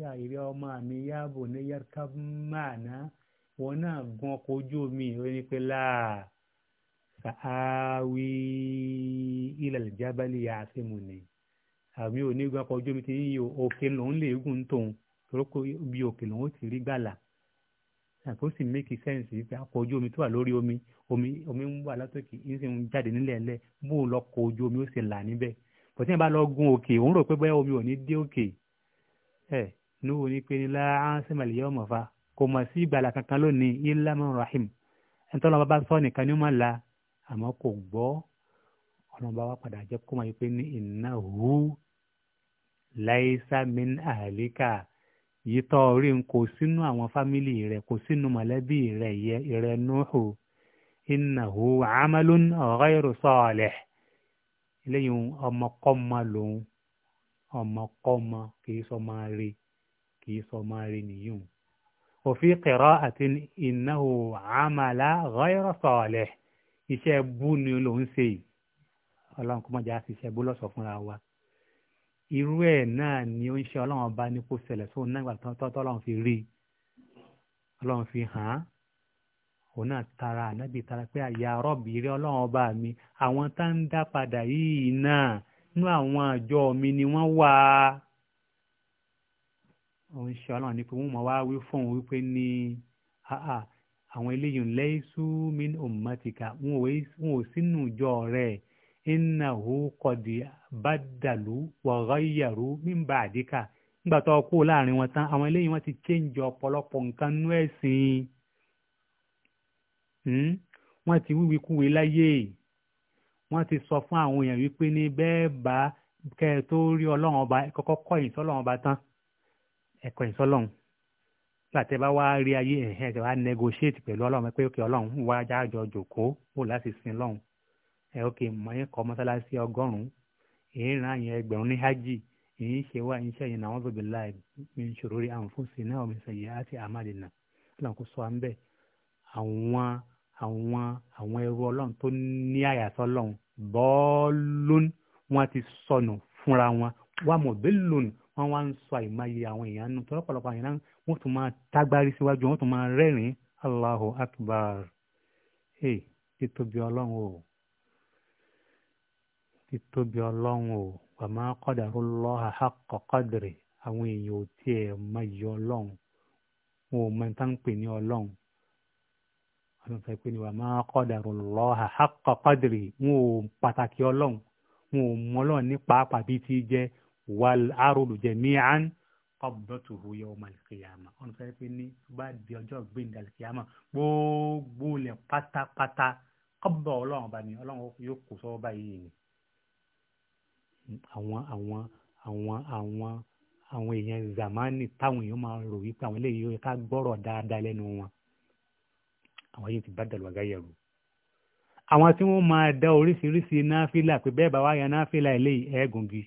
yá ìrẹ́ ọmọ mi yáàbò ní yàrá máa ná wọn náà gun ọkọ̀ ojú omi ìrẹ́ pé láà fàáwí ilẹ̀ ìjábálẹ̀ yà á sí mu ni àbí onígun akọ ojú omi ti yí òkè lòún lè gùn tóun torókò bí òkè lòún ti rí gbàlà àpò sì mékì sẹ́ǹsì pé akọ ojú omi tó wà lórí omi omi omi ń wà látòkè ń sì ń jáde nílẹ̀ ẹlẹ́ bó o lọ kọ ojú omi ó sì là níbẹ̀ bọ̀tí ẹ̀ bá lọ gun òkè òun rò pé bóyá omi ò ní dé òkè ẹ̀ ní òun ni pé ní láàán sẹ́mẹ̀lì yọ̀ mọ̀fà kò mọ̀ sí ìgbàlà kankan lónìí ilá mọ̀ rahim ẹ̀ ń tọ́lọ́ bá bá sọ nìkan ni ó máa la àmọ́ kò gbọ́ ọlọ́run bá wá padà jẹ́ kó máa yí pé ní innahu laisa min ahlika yìí tọ́ orí n kò sínú àwọn fámìlì rẹ̀ kò sínú mọ̀lẹ́bí rẹ̀ yẹ ìrẹ̀ Nuhu innahu amalun ghayru salih lẹ́yìn ọmọkọ́mọ lòun ọmọkọ́mọ kìí sọmọ rí kìí sọmọ rí nìyí o fi qira'atin innahu amala ghayru salih iṣẹ́ bú ni lòun ṣe yìí ọlọ́run kó mọ̀jà ṣiṣẹ́ bú lọ́sọ̀ fúnra wa irú ẹ̀ náà ni ó ń ṣe ọlọ́run ọba ní kó ṣẹlẹ̀ sóun náà ìgbà tọ́tọ́ ọlọ́run fi rí ọlọ́run fi hàn án òun náà tara ànábì tara pé àyà rọ́ọ̀bì rí ọlọ́run ọba mi àwọn tá ń dá padà yìí náà nú àwọn àjọ mi ni wọ́n wà á òun ṣe ọlọ́run ní pé wọ́n mọ̀ wá wí fóun wípé ní àwọn eléyìí laysu min ummatika wọn ò sínú ìjọ rẹ̀ innahu qad badalu wa ghayyaru min ba'dika nígbà tó kú láàrin wọn tán àwọn eléyìí wọn ti change ọ̀pọ̀lọpọ̀ nǹkan nú ẹ̀sìn hmm? wọ́n ti wíwí kúwe láyé wọ́n ti sọ fún àwọn èèyàn wípé ní bẹ́ẹ̀ bá kẹ́ ẹ tó rí ọlọ́run ọba kọ́kọ́ kọ́yìn sọ́lọ́run ọba tán ẹ̀kọ́yìn sọ́lọ́run gbàtẹ́ bá wá rí ayé ẹ̀hẹ́n ẹ̀ wá negotiate pẹ̀lú ọlọ́run pé òkè ọlọ́run wá jájọ jòkóó wò láti sin lọ́run ẹ̀ òkè mọ̀yìn kọ́ mọ́sálásí ọgọ́rùn-ún èyí ràn yẹn ẹgbẹ̀rún ní hajj èyí ṣe wá iṣẹ́ yẹn àwọn bèbè láì mi ṣòro rí àwọn fún sinna omi sẹ̀yẹ àti amadina ọlọ́run kò sọ à ń bẹ̀ àwọn àwọn àwọn ẹrú ọlọ́run tó ní àyàtọ̀ ọlọ́run bọ́ọ̀lún wọn ti sọnù fúnra wọn wàmọ̀ bẹ́ẹ̀ lónìí wọ́n wá ń sọ àìmáyé àwọn èèyàn nù tọ́lọ́pọ̀lọpọ̀ àyìnlá wọ́n tún máa tágbárí síwájú wọ́n tún máa rẹ́rìn Allahu Akbar hey títóbi ọlọ́run o títóbi ọlọ́run o wa ma qadarullaha haqqa qadri àwọn èèyàn ò tiẹ̀ máyé ọlọ́run wọn ò mọ tá ń pè ní ọlọ́run àwọn ìfẹ́ pé ni wa ma qadarullaha haqqa qadri wọn ò pàtàkì ọlọ́run wọn ò mọ ọlọ́run ní pàápàá bíi ti jẹ́ wal ardu jami'an qabdatuhu yawmal qiyamah ọ̀nà sọ pé ní bá di ọjọ́ gbẹ̀ndà kìyàmà gbogbo lẹ̀ pátápátá kọ́bọ̀ ọlọ́run bá ní ọlọ́run yóò kó sọ́wọ́ báyìí ni. àwọn àwọn àwọn àwọn àwọn èèyàn zamani táwọn èèyàn máa rò wípé àwọn eléyìí yóò ká gbọ́rọ̀ dáadáa lẹ́nu wọn àwọn yìí ti bá dàlú àgáyẹ̀ rò. àwọn tí wọ́n máa dá oríṣiríṣi náfìlà pé bẹ́ẹ̀ bá wáyà náfìlà eléyìí ẹ̀ẹ́gùn bíi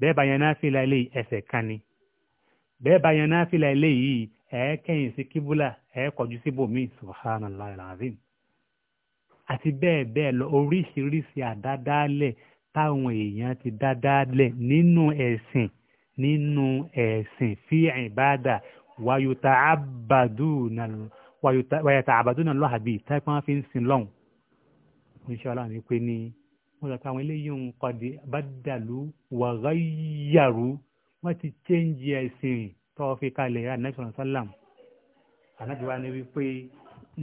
bẹ́ẹ̀ bá yan náfìlà eléyìí ẹsẹ̀ kan ni bẹ́ẹ̀ bá yan náfìlà eléyìí ẹ̀ kẹ́yìn sí kíbúlà ẹ̀ kọjú síbòmí subhanallah alazim àti bẹ́ẹ̀ bẹ́ẹ̀ lọ oríṣiríṣi àdádálẹ̀ táwọn èèyàn ti dádálẹ̀ nínú ẹ̀sìn nínú ẹ̀sìn fi ìbádà wàyùtà àbàdùnà lọ́hàbí táìpọ́n fi ń sin lọ́hùn. inshallah ni pé ní wọ́n sọ pé àwọn eléyìí ń kọ̀dé bàdàlú wàgáyàrú wọ́n ti chẹ́ǹjì ẹ̀sìn tọ́wọ́ fi kalẹ̀ ànábì sọ̀rọ̀ sálàm ànábì wa ni wípé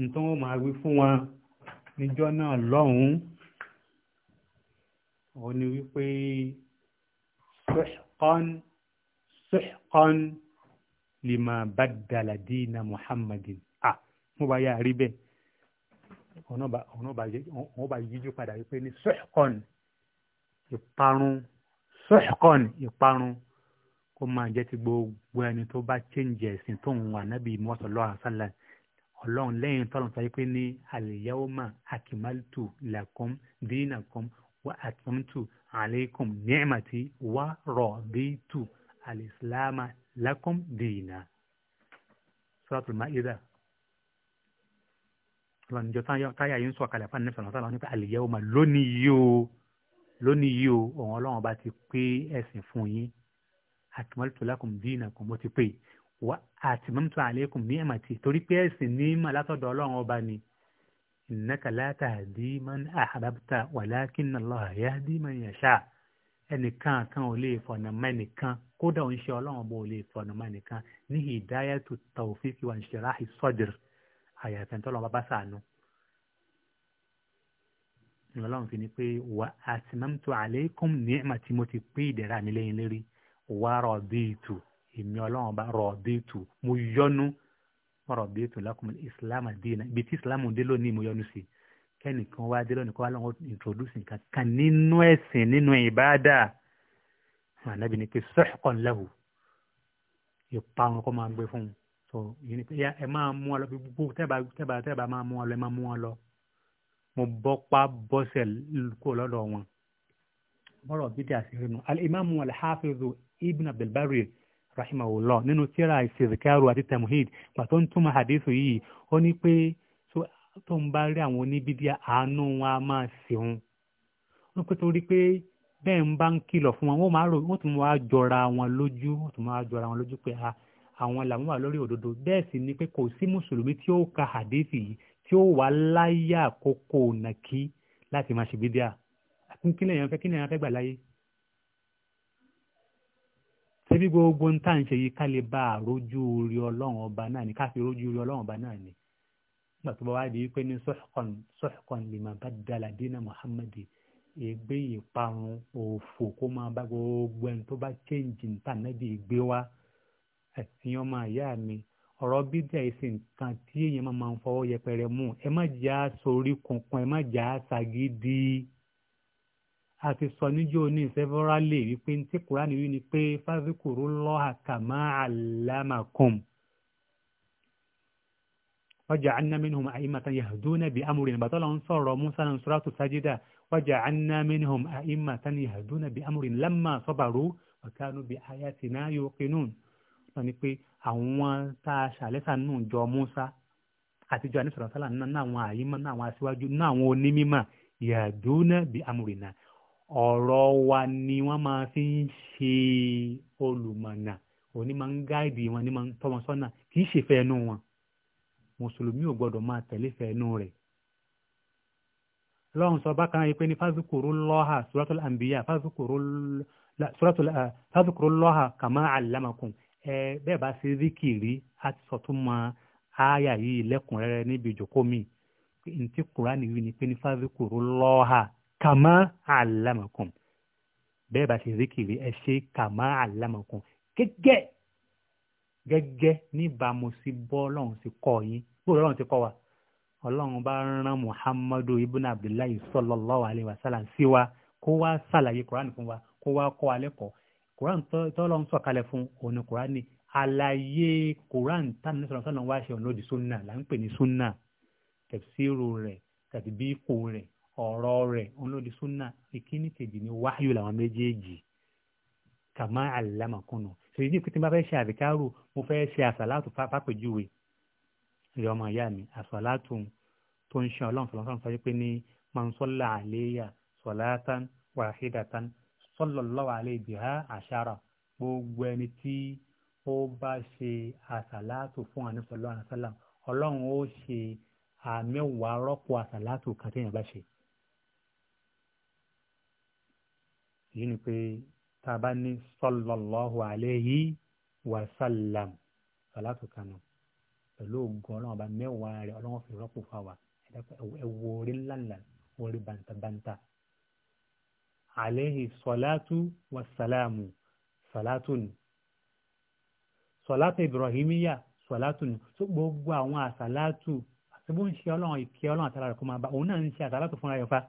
nǹkan wọn máa wí fún wọn níjọ́ náà lọ́hùn-ún òun ni wípé suhqan suhqan lima bàdàlà dínà muhammadin ah mo bá yà rí bẹ́ẹ̀ òun bá yíjú padà wípé ní sọ́ọ̀kọ́n ìparun sọ́ọ̀kọ́n ìparun kó máa jẹ́ ti gbogbo ẹni tó bá chẹ́ǹjì ẹ̀sìn tó ń wà nábì mọ́tò lọ́wọ́ àṣálà ọlọ́run lẹ́yìn tọ́lọ̀ sọ pé ní àlèyáwọ́mà àkìmálítù làkọ́m dínàkọ́m wà àtúntù àlékùm ni'mati wà rọ̀bìtù àlìsílámà làkọ́m dínà. Suratul Ma'idah ọlọ́run ìjọ táyà yìí ń sọ̀kalẹ̀ fún ànífẹ̀ẹ́ ọ̀sán ọlọ́run nípa àlèyé ọmọ lónìí yìí o lónìí yìí o ọ̀hún ọlọ́run ọba ti pé ẹ̀sìn fún yín àtìmọ́lùtò lákùn dínà kò mọ́ ti pé wà àtìmọ́lùtò àlékún ní ẹ̀màtì torí pé ẹ̀sìn ní mà látọ̀dọ̀ ọlọ́run ọba ni innaka la tahdi man ahbabta walakinna Allaha yahdi man yasha ẹnìkan kan ò lè fọ̀nà àyàfẹ́ tó lọ́wọ́ bá sànù ìrọ̀lọ́run fi ni pé wà àtìmọ́mtò àlékún ní ẹ̀mà tí mo ti pín ìdẹ̀ra mi lẹ́yìn lérí wà rọ̀bìtù èmi ọlọ́run bá rọ̀bìtù mo yọnu rọ̀bìtù lakum islam àdínà ibi tí islam dé lónìí mo yọnu sí kẹ́nìkan wá dé lónìí kó wá lọ́wọ́ introduce nǹkan kan nínú ẹ̀sìn nínú ìbáàdà ànábì ni pé sọ́ọ̀kan lẹ́hù ìparun kó máa gbé fún un so yìí ni pé ẹ máa mú ọ lọ bí gbogbo tẹ́ẹ̀bà tẹ́ẹ̀bà tẹ́ẹ̀bà máa mú ọ lọ ẹ máa mú ọ lọ mo bọ́pá bọ́sẹ̀ kó lọ́dọ̀ wọn bọ́rọ̀ bídà sí rinu alimami alhafizu ibn abdulbari rahimahullah nínú tíra ìsìrìkárù àti tamuhid pàtó ń túmọ̀ hadith yìí ó ní pé tó ń bá rí àwọn oníbídíà àánú wọn a máa ṣeun wọn pé torí pé bẹ́ẹ̀ ń bá ń kìlọ̀ fún wọn wọ́n máa rò wọ́n tún máa jọra wọn lójú wọ́n tún máa jọra wọn lójú pé a. Ah, àwọn làwọn wà lórí òdodo bẹ́ẹ̀ sì ni pé kò sí mùsùlùmí tí ó ka hadithi yìí tí ó wà láyé àkókò nàkí láti máa ṣe bídíà kí lèèyàn fẹ́ kí lèèyàn fẹ́ gbà láyé. ṣébí gbogbo ń tà ń ṣe yìí ká lè bá àrójú orí ọlọ́run ọba náà ni ká fi rójú orí ọlọ́run ọba náà ni. nígbà tó bá wá di wípé ní suhqan suhqan liman baddala dina muhammadi ègbé ìparun òfò kó máa bá gbogbo ẹni tó bá chẹ́ǹjì ń tà náà bí ìgbé wá ẹ̀sìn ọmọ àyá mi ọ̀rọ̀ bídíà ìsìn nǹkan tí èèyàn máa ń fọwọ́ yẹpẹrẹ mú ẹ má jà á sorí kunkun ẹ má jà á ṣàgídí a ti sọ níjó ní severally wípé tí kúránì wí ni pé fásikùrú lọ́hà kàmá àlámàkùn وجعلنا منهم أئمة يهدون بأمرنا بطلعون صار موسى نصرات سجدا وجعلنا منهم أئمة يهدون بأمرنا لما صبروا وكانوا بآياتنا يوقنون náà ni pé àwọn tá a ṣàlẹ́sà nù jọ Musa àtijọ́ anisọ̀rọ̀ sálà náà àwọn àyímọ́ náà àwọn aṣíwájú náà àwọn onímọ̀ yàdúnà bí amúrìnà ọ̀rọ̀ wa ni wọ́n máa fi ń ṣe olùmọ̀nà òní máa ń gáìdì wọn ní máa ń tọ́ wọn sọ́nà kì í ṣèfẹ́ ẹnu wọn mùsùlùmí ò gbọ́dọ̀ máa tẹ̀lé fẹ́ ẹnu rẹ̀ lọ́run sọ bákan náà yìí pé ní fásitìkòrò lọ́hà suratul anbiya fásitìkòrò lọ́hà kàmá àlámàkùn ẹ bẹ́ẹ̀ bá ṣe zikiri á ti sọ tó mọ ááyà yìí lẹ́kùnrẹ́rẹ́ níbi ìjókòó mi ntí kùránì yìí ni pé ní fáfikùrú lọ́ha kàmá àlámàkùn bẹ́ẹ̀ bá ṣe zikiri ẹ ṣe kàmá àlámàkùn gẹ́gẹ́ gẹ́gẹ́ níbàámu sí bọ́ọ̀lọ́hún ti kọ́ yín bọ́ọ̀lọ́hún ti kọ́ wa ọlọ́run bá rán muhammadu ibn abdullahi sallallahu alaihi wasallam sí wa kó wá sàlàyé kùránì fún wa kó wá kọ́ wa lẹ́kọ̀ọ́ quran tọ́lọ́ ń sọ̀kalẹ̀ fún òun ni quran ni àlàyé quran tánà ní sọ̀rọ̀ sọ̀rọ̀ wá ṣe ọ̀nà òdì sunna là ń pè ní sunna tẹ̀síìrù rẹ̀ tàbíkù rẹ̀ ọ̀rọ̀ rẹ̀ ọ̀nà òdì sunna ìkíní kejì ni wáyù làwọn méjèèjì kàmá àlámàkùnù ṣèyí ní pété bá fẹ́ ṣe àdìkárò mo fẹ́ ṣe àsàlátù fápèjúwe ìyá ọmọ ìyá mi àsàlátù tó ń ṣe ọlọ́run sọ̀rọ̀ sallallahu alayhi biha àṣàrà gbogbo ẹni tí ó bá ṣe àṣàlátù fún ànábì sallallahu alaihi wasallam ọlọ́run ó ṣe àmẹ́wàá rọ́pò àṣàlátù kan tí èèyàn bá ṣe. èyí ni pé tá a bá ní sallallahu alayhi wasallam àṣàlátù kan nù pẹ̀lú ògùn ọlọ́run ọba mẹ́wàá rẹ̀ ọlọ́run fi rọ́pò fáwa ẹ̀wọ̀ orí ńláńlá orí bàǹtàbàǹtà alayhi salatu wasalamu salatun salatu ibrahimiya salatun so gbogbo àwọn àsàlátù àti bó ń ṣe ọlọ́run ìkẹ́ ọlọ́run àtàlà rẹ̀ kó máa bá òun náà ń ṣe àsàlátù fúnra yọ̀fà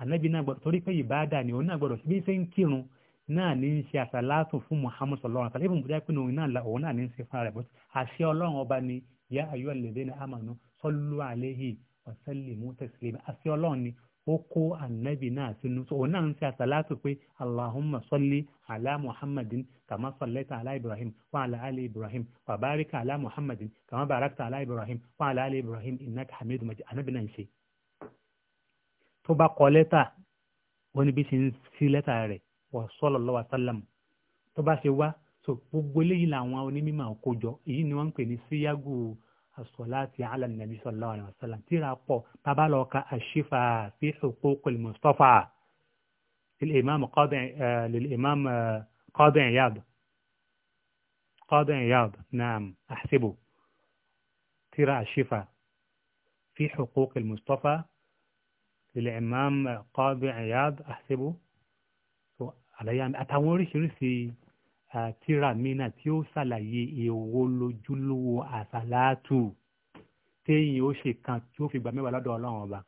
ànábì náà gbọdọ̀ torí pé ìbáàdà ni òun náà gbọdọ̀ bí ṣe ń kírun náà ní í ṣe fún muhammad sallallahu alaihi wasallam bóyá pé òun náà òun náà ní í fúnra rẹ̀ bó àṣẹ ọlọ́run ọba ni ya ayyuhal ladhina amanu sallu alaihi wa sallimu àṣẹ ọlọ́run ni ó kó ànábì náà sínú so òun náà ń ṣe àsàlátù pé allahumma salli ala muhammadin kama sallaita ala ibrahim wa ala ali ibrahim wa barika ala muhammadin kama barakta ala ibrahim wa ala ali ibrahim innaka hamidu majid ànábì náà ń ṣe. tó bá kọ lẹ́tà wọ́n ní bí ṣe ń sí lẹ́tà rẹ̀ wọ́n sallallahu alaihi wasallam tó bá ṣe wá gbogbo eléyìí làwọn onímọ̀ àkójọ èyí ni wọ́n ń pè ní síyágù الصلاه على النبي صلى الله عليه وسلم تيراقو تبالوكا الشفاء في حقوق المصطفى الامام قاضي آه، للامام آه، قاضي عياض قاضي عياض نعم احسبه تيرا الشفاء في حقوق المصطفى للامام قاضي عياض احسبه على يعني اتاموري شنو في tíra mìíràn tí ó ṣàlàyé èèwọ̀ lójúlówó àṣàlátù téèyàn ó ṣe kan tí ó fi gbà mẹ́wàá lọ́dọ̀ ọlọ́run ọba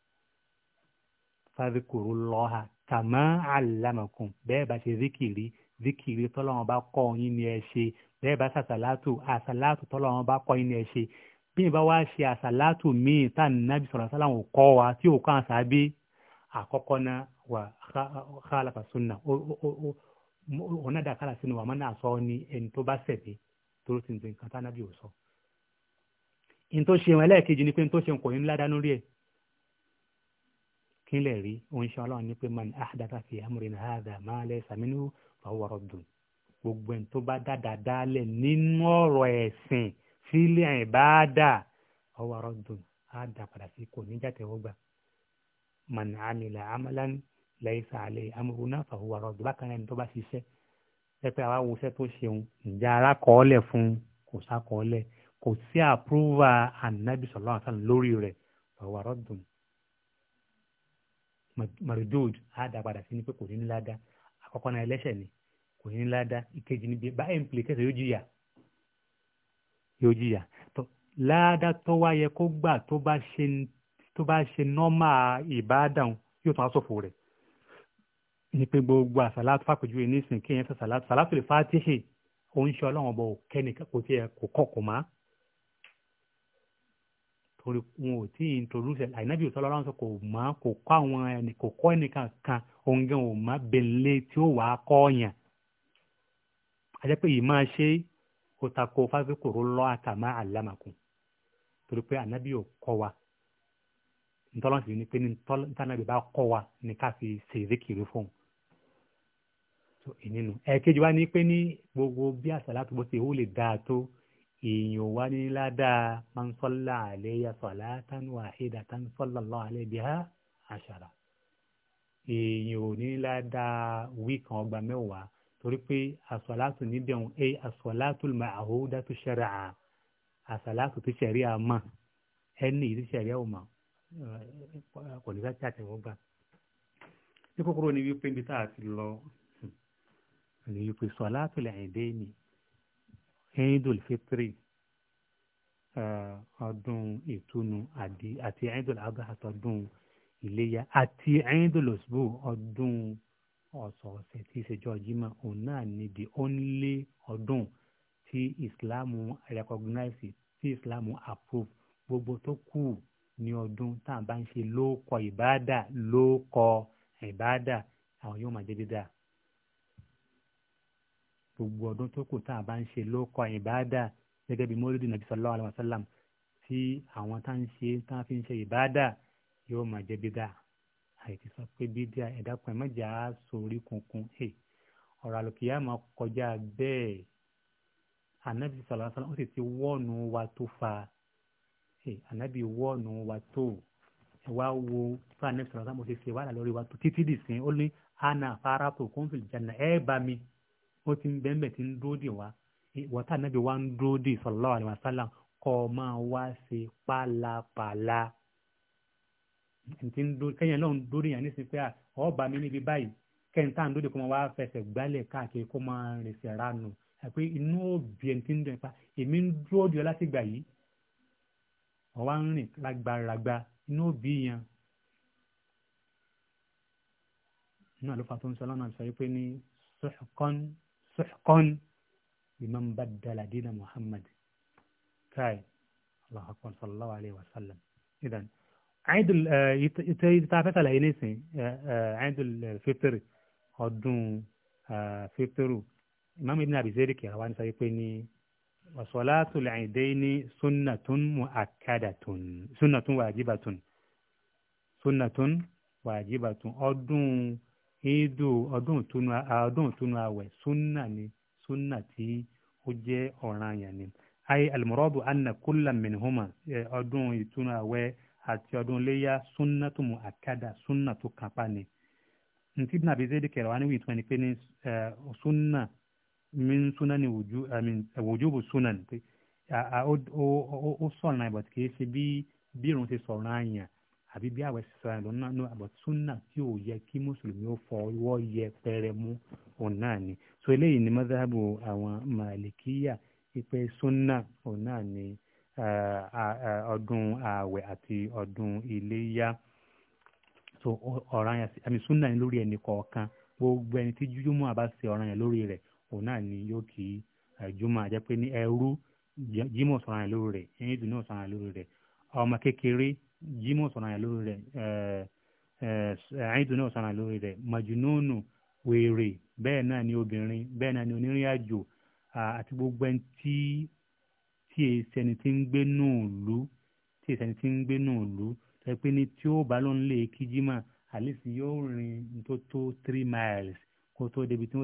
fàbíkòrò lọ́ha kàmá àlámọ̀kùn bẹ́ẹ̀ bá ṣe zikiri zikiri tọ́lọ́run bá kọ́ yín ni ẹ ṣe bẹ́ẹ̀ bá ṣàṣàlátù àṣàlátù tọ́lọ́run bá kọ́ yín ni ẹ ṣe bí ìbá wá ṣe àṣàlátù míì tá nàbì sọ̀rọ̀ sáláwọn kọ́ wa tí ò kàn sábẹ́ àkọ́kọ́ náà wà khalafa sunna ọ̀nà dàkàrà sínú wàmọ́ náà sọ ni ẹni tó bá ṣẹ̀bi tóró ti ń gbé nǹkan tánábì ò sọ. in tó ṣe wọn ẹlẹ́ẹ̀kejì ni pé in tó ṣe kò ní ládàá lórí ẹ̀ kí lè rí òun ṣe ọlọ́run ní pé man ahdatha fi amrina hadha ma laysa minhu fahuwa raddun gbogbo ẹni tó bá dáadáa dálẹ̀ nínú ọ̀rọ̀ ẹ̀sìn sílẹ̀ ẹ̀ bá dà fahuwa raddun á dà padà sí kò ní jàtẹ̀wọ́gbà man amila amalan lẹ́yìn sàlẹ̀ amúhùn náà fàhùwà rọ̀ dùbà kan ẹni tó bá ṣiṣẹ́ pẹ́pẹ́ àwa wọṣẹ́ tó ṣeun ǹjẹ́ ara kọ́ọ́lẹ̀ fún kò sákọ́ọ́lẹ̀ kò sí àpúrúvà ànábì sallallahu alaihi wasallam lórí rẹ̀ fàhùwà rọ̀ dùn maridud àdàpadà sí ni pé kò ní ní ládàá àkọ́kọ́ náà ẹlẹ́ṣẹ̀ ni kò ní ní ládàá ìkejì níbi bá implicate yóò jìyà yóò jìyà tó ládàá tó wá kó gbà tó bá ṣe nọ́mà ìbádàn yóò tún aṣọ́fò rẹ̀ ní pé gbogbo àsàlátù fàpèjúwe nísìnyí kí èèyàn sàlátù sàlátù lè fàtíhì òun ṣe ọlọ́run ọba òkẹ́ni kò tiẹ̀ kò kọ̀kọ̀ má torí wọn ò tí ì introduce àìnábì òsọ ọlọ́run sọ kò má kò kọ́ àwọn ẹni kò kọ́ ẹnìkan kan òun gan ò má bẹ̀lẹ́ tí ó wàá kọ́ ọ̀yàn àjẹ́ pé yìí máa ṣe kó tako fáfi kòró lọ́ àtàmá àlámàkùn torí pé ànábì ò kọ́ wa ntọ́lọ́sì ni pé ní ntọ́lọ́sì ní ká fi ṣèzékiri fún un so ìnínú ẹ̀ẹ̀kejì wá ní pé ní gbogbo bí àsàlátù bó ṣe ó lè dáa tó èèyàn wá ní ládàá man salla alayya salatan wahidatan sallallahu alayhi biha ashara èèyàn ò ní ládàá wí kan ọgbà mẹ́wàá torí pé àsàlátù níbẹ̀ ń ẹ àsàlátù ma'hudatu shar'a àsàlátù tó ṣẹ̀rí àmà ẹni ìdí ṣẹ̀rí àwòmà kò ní sá tí àtẹ̀wọ́ gbà. ní kúkúrú ni wípé níbi tá a ti lọ ni wípé sọláàtù lẹ́yìndé ni Eidul Fitri eh, ọdún ìtúnu àti Eidul Adha ọdún iléyà àti Eidul Usbu ọdún ọ̀sọ̀ọ̀sẹ̀ tí ìṣèjọ́ jimá òun náà ni the only ọdún tí ìsìláàmù recognize tí ìsìláàmù approve gbogbo tó kù ní ọdún tá à bá ń ṣe ló kọ ìbáàdà ló kọ ìbáàdà àwọn yóò máa jẹ́ dídá gbogbo ọdún tó kù tá a bá ń ṣe ló kọ ìbáàdà gẹ́gẹ́ bí mọ́lúdì nàbí sallallahu alaihi wasallam tí àwọn tá ń ṣe tá fi ń ṣe ìbáàdà yóò máa jẹ́ bídà àìtí sọ pé bídà ẹ̀dá kan mẹ́jà á sórí kunkun ẹ̀ ọ̀rọ̀ àlùkìyà máa kọjá bẹ́ẹ̀ ànábì sallallahu alaihi ó sì ti wọ́ọ̀nù wa tó fa ànábì wọ́ọ̀nù wa tó ẹ wá wo fún ànábì sallallahu alaihi wasallam ti ṣe wàhálà lórí wa tó títí ana fara tó kún fìlì mi ó ti ń bẹ́ẹ̀ tí ń dúró dè wá wọ́tá nàbí wá ń dúró dè sallallahu alaihi wasallam kọ́ ọ máa wá ṣe pálapàla kẹ́yìn náà ń dúró dè yàn ní sinpẹ́ à ọ́ bá mi níbi báyìí kẹ́yìn tá à ń dúró dè kó máa wá fẹsẹ̀ gbálẹ̀ káàkiri kó máa rìnsẹ̀ ránu àpé inú òbí ẹni tí ń dùn pa èmi ń dúró dè ọ láti gbà yìí ọ wá ń rìn lágbàràgbà inú òbí yẹn inú àlùfáà tó ń sọ lọ́nà àbísọ̀ yìí pé ní sọ́ọ̀kan سحقا لمن بدل دين محمد كاي طيب. الله أكبر صلى الله عليه وسلم إذا عيد ال آه، يت يتعرف على إنسى آه، آه، عيد الفطر هدوم فطرو إمام ابن أبي زيد كي هوان سيفني وصلاة العيدين سنة مؤكدة سنة واجبة سنة واجبة أدوم éédò ọdún ìtúnu ọdún ìtúnu àwẹ̀ súnà ni súnà tí ó jẹ́ ọ̀ranyàn ni. ayé alimọ̀rọ́bù anna kulla minhuma ọdún ìtúnu àwẹ̀ àti ọdún iléyà súnà tó mu àkàdà súnà tó kápá ni. ntí bí nàbí zéèdì kẹrẹ wá níwì tí wọn ni pé ní súnà min súnà ni wujubu súnà ni pé ó sọ̀rọ̀ náà ìbọ̀tí kì í ṣe bí bí ti sọ̀rọ̀ náà yàn àbí bí àwẹ̀ sísan lọ́nà náà àbọ̀ súnà tí ò yẹ kí mùsùlùmí ó fọ ọwọ́ yẹ pẹrẹ mú òun náà ni so eléyìí ni mọ́sáàbù àwọn màlìkíyà pípẹ́ súnà òun náà ni ọdún ààwẹ̀ àti ọdún iléyá so ọ̀ràn yẹn àmì súnà ni lórí ẹnì kọ̀ọ̀kan gbogbo ẹni tí júmọ́ àbá ṣe ọ̀ràn yẹn lórí rẹ̀ òun náà ni yóò kí júmọ́ àjẹpẹ́ ní ẹrú jímọ̀ sọ̀ràn lórí rẹ̀ ẹ̀yìn ìdùnnú sọ̀ràn lórí rẹ̀ ọmọ kékeré jímọ̀ sọ̀rọ̀ àyàn lórí rẹ̀ àyìntúnú sọ̀rọ̀ àyàn lórí rẹ̀ màjúnúnù ni obinrin bẹ́ẹ̀ náà ni onírìn àjò àti gbogbo tí tí èyí sẹni gbe ń tí èyí sẹni tí ń gbé náà tí ó bá lóun lè kí jímọ̀ àlèsì yóò miles kó tó débi tí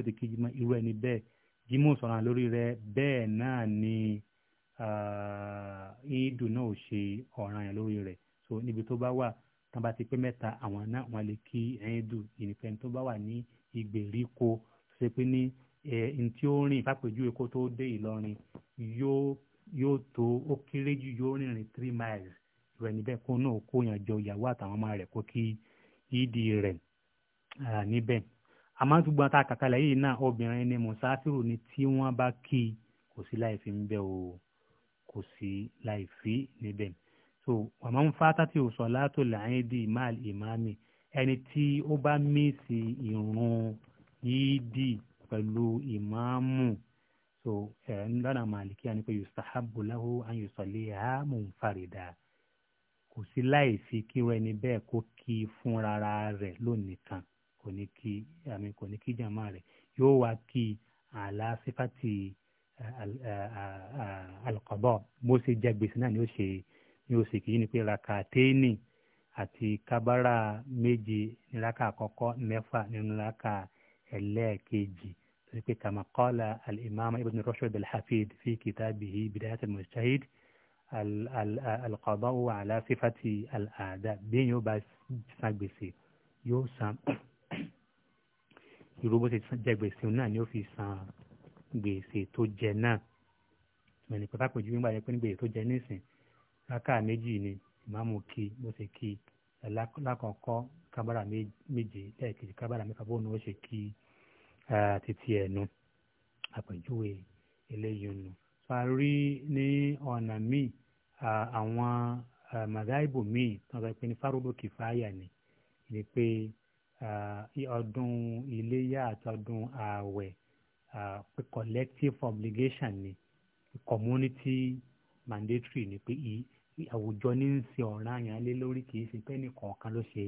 so níbi tó bá wà tán bá ti pé mẹ́ta àwọn náà wọ́n lè kí ẹ̀ẹ́dù ìnìpẹ́ni tó bá wà ní ìgbèríko tó ṣe pé ní ẹ̀ẹ́n tí ó rìn fàpèjúwe kó tó dé Ìlọrin yóò yóò tó ó kéré jù yóò rìnrìn three miles rẹ̀ níbẹ̀ kó náà kó yàn jọ ìyàwó àtàwọn ọmọ rẹ̀ kó kí ìdí rẹ̀ níbẹ̀ àmọ́ gbogbo àtà kàkàlẹ̀ yìí náà obìnrin ni mùsáfìrù ni tí wọ́n bá kí kò sí láì fi ń o kò sí láì fi níbẹ̀ so wàmọ́ ń fata tí o sọ látò láyìn di imal imami ẹni tí ó bá mísì ìrun yìí dì pẹ̀lú ìmáàmù so ẹ̀ maliki lọ́nà màlìkí ẹni pé yustahabu lahu an yusalliha munfarida kò sí láì fi kíru ẹni bẹ́ẹ̀ kó kí fúnra rẹ̀ lónìkan kò ní kí àmì kò ní kí jàmá rẹ̀ yóò wá kí àlá sífàtì eh, eh, alqada bó ṣe jẹ gbèsè náà ni ó ṣe yóò sì kí ni pé rakatéènì àti kábàrà méje níláka àkọ́kọ́ mẹ́fà nínú láka ẹlẹ́ẹ̀kejì torí pé kama qala al-imam ibn rushd al-hafid fi bidayat al-mujtahid al ala sifati al-ada bẹ́ẹ̀ yóò bá san gbèsè yóò san irú bó ṣe jẹ gbèsè náà ni ó fi san gbèsè tó jẹ náà mẹ́rin pàtàkì jù nígbà yẹn pé ní gbèsè tó jẹ nísìn Raka méjì ni ìmáàmù kí bó ṣe kí lákọ̀ọ́kọ́ kábàrà méje lẹ́ẹ̀kejì kábàrà mẹ́fà bóun ó ṣe kí títí ẹ̀nu àpèjúwe eléyìí a parí ní ọ̀nà míì àwọn màdáìbò míì tó ń sọ pé ní fárúdò kìfáyà ni ni pé ọdún iléyà àti ọdún ààwẹ̀ pé collective obligation ni community mandatory ni pé pé àwùjọ ní ń ṣe ọ̀ràn yẹn lé lórí kì í ṣe pé nìkọ̀ọ̀kan ló ṣe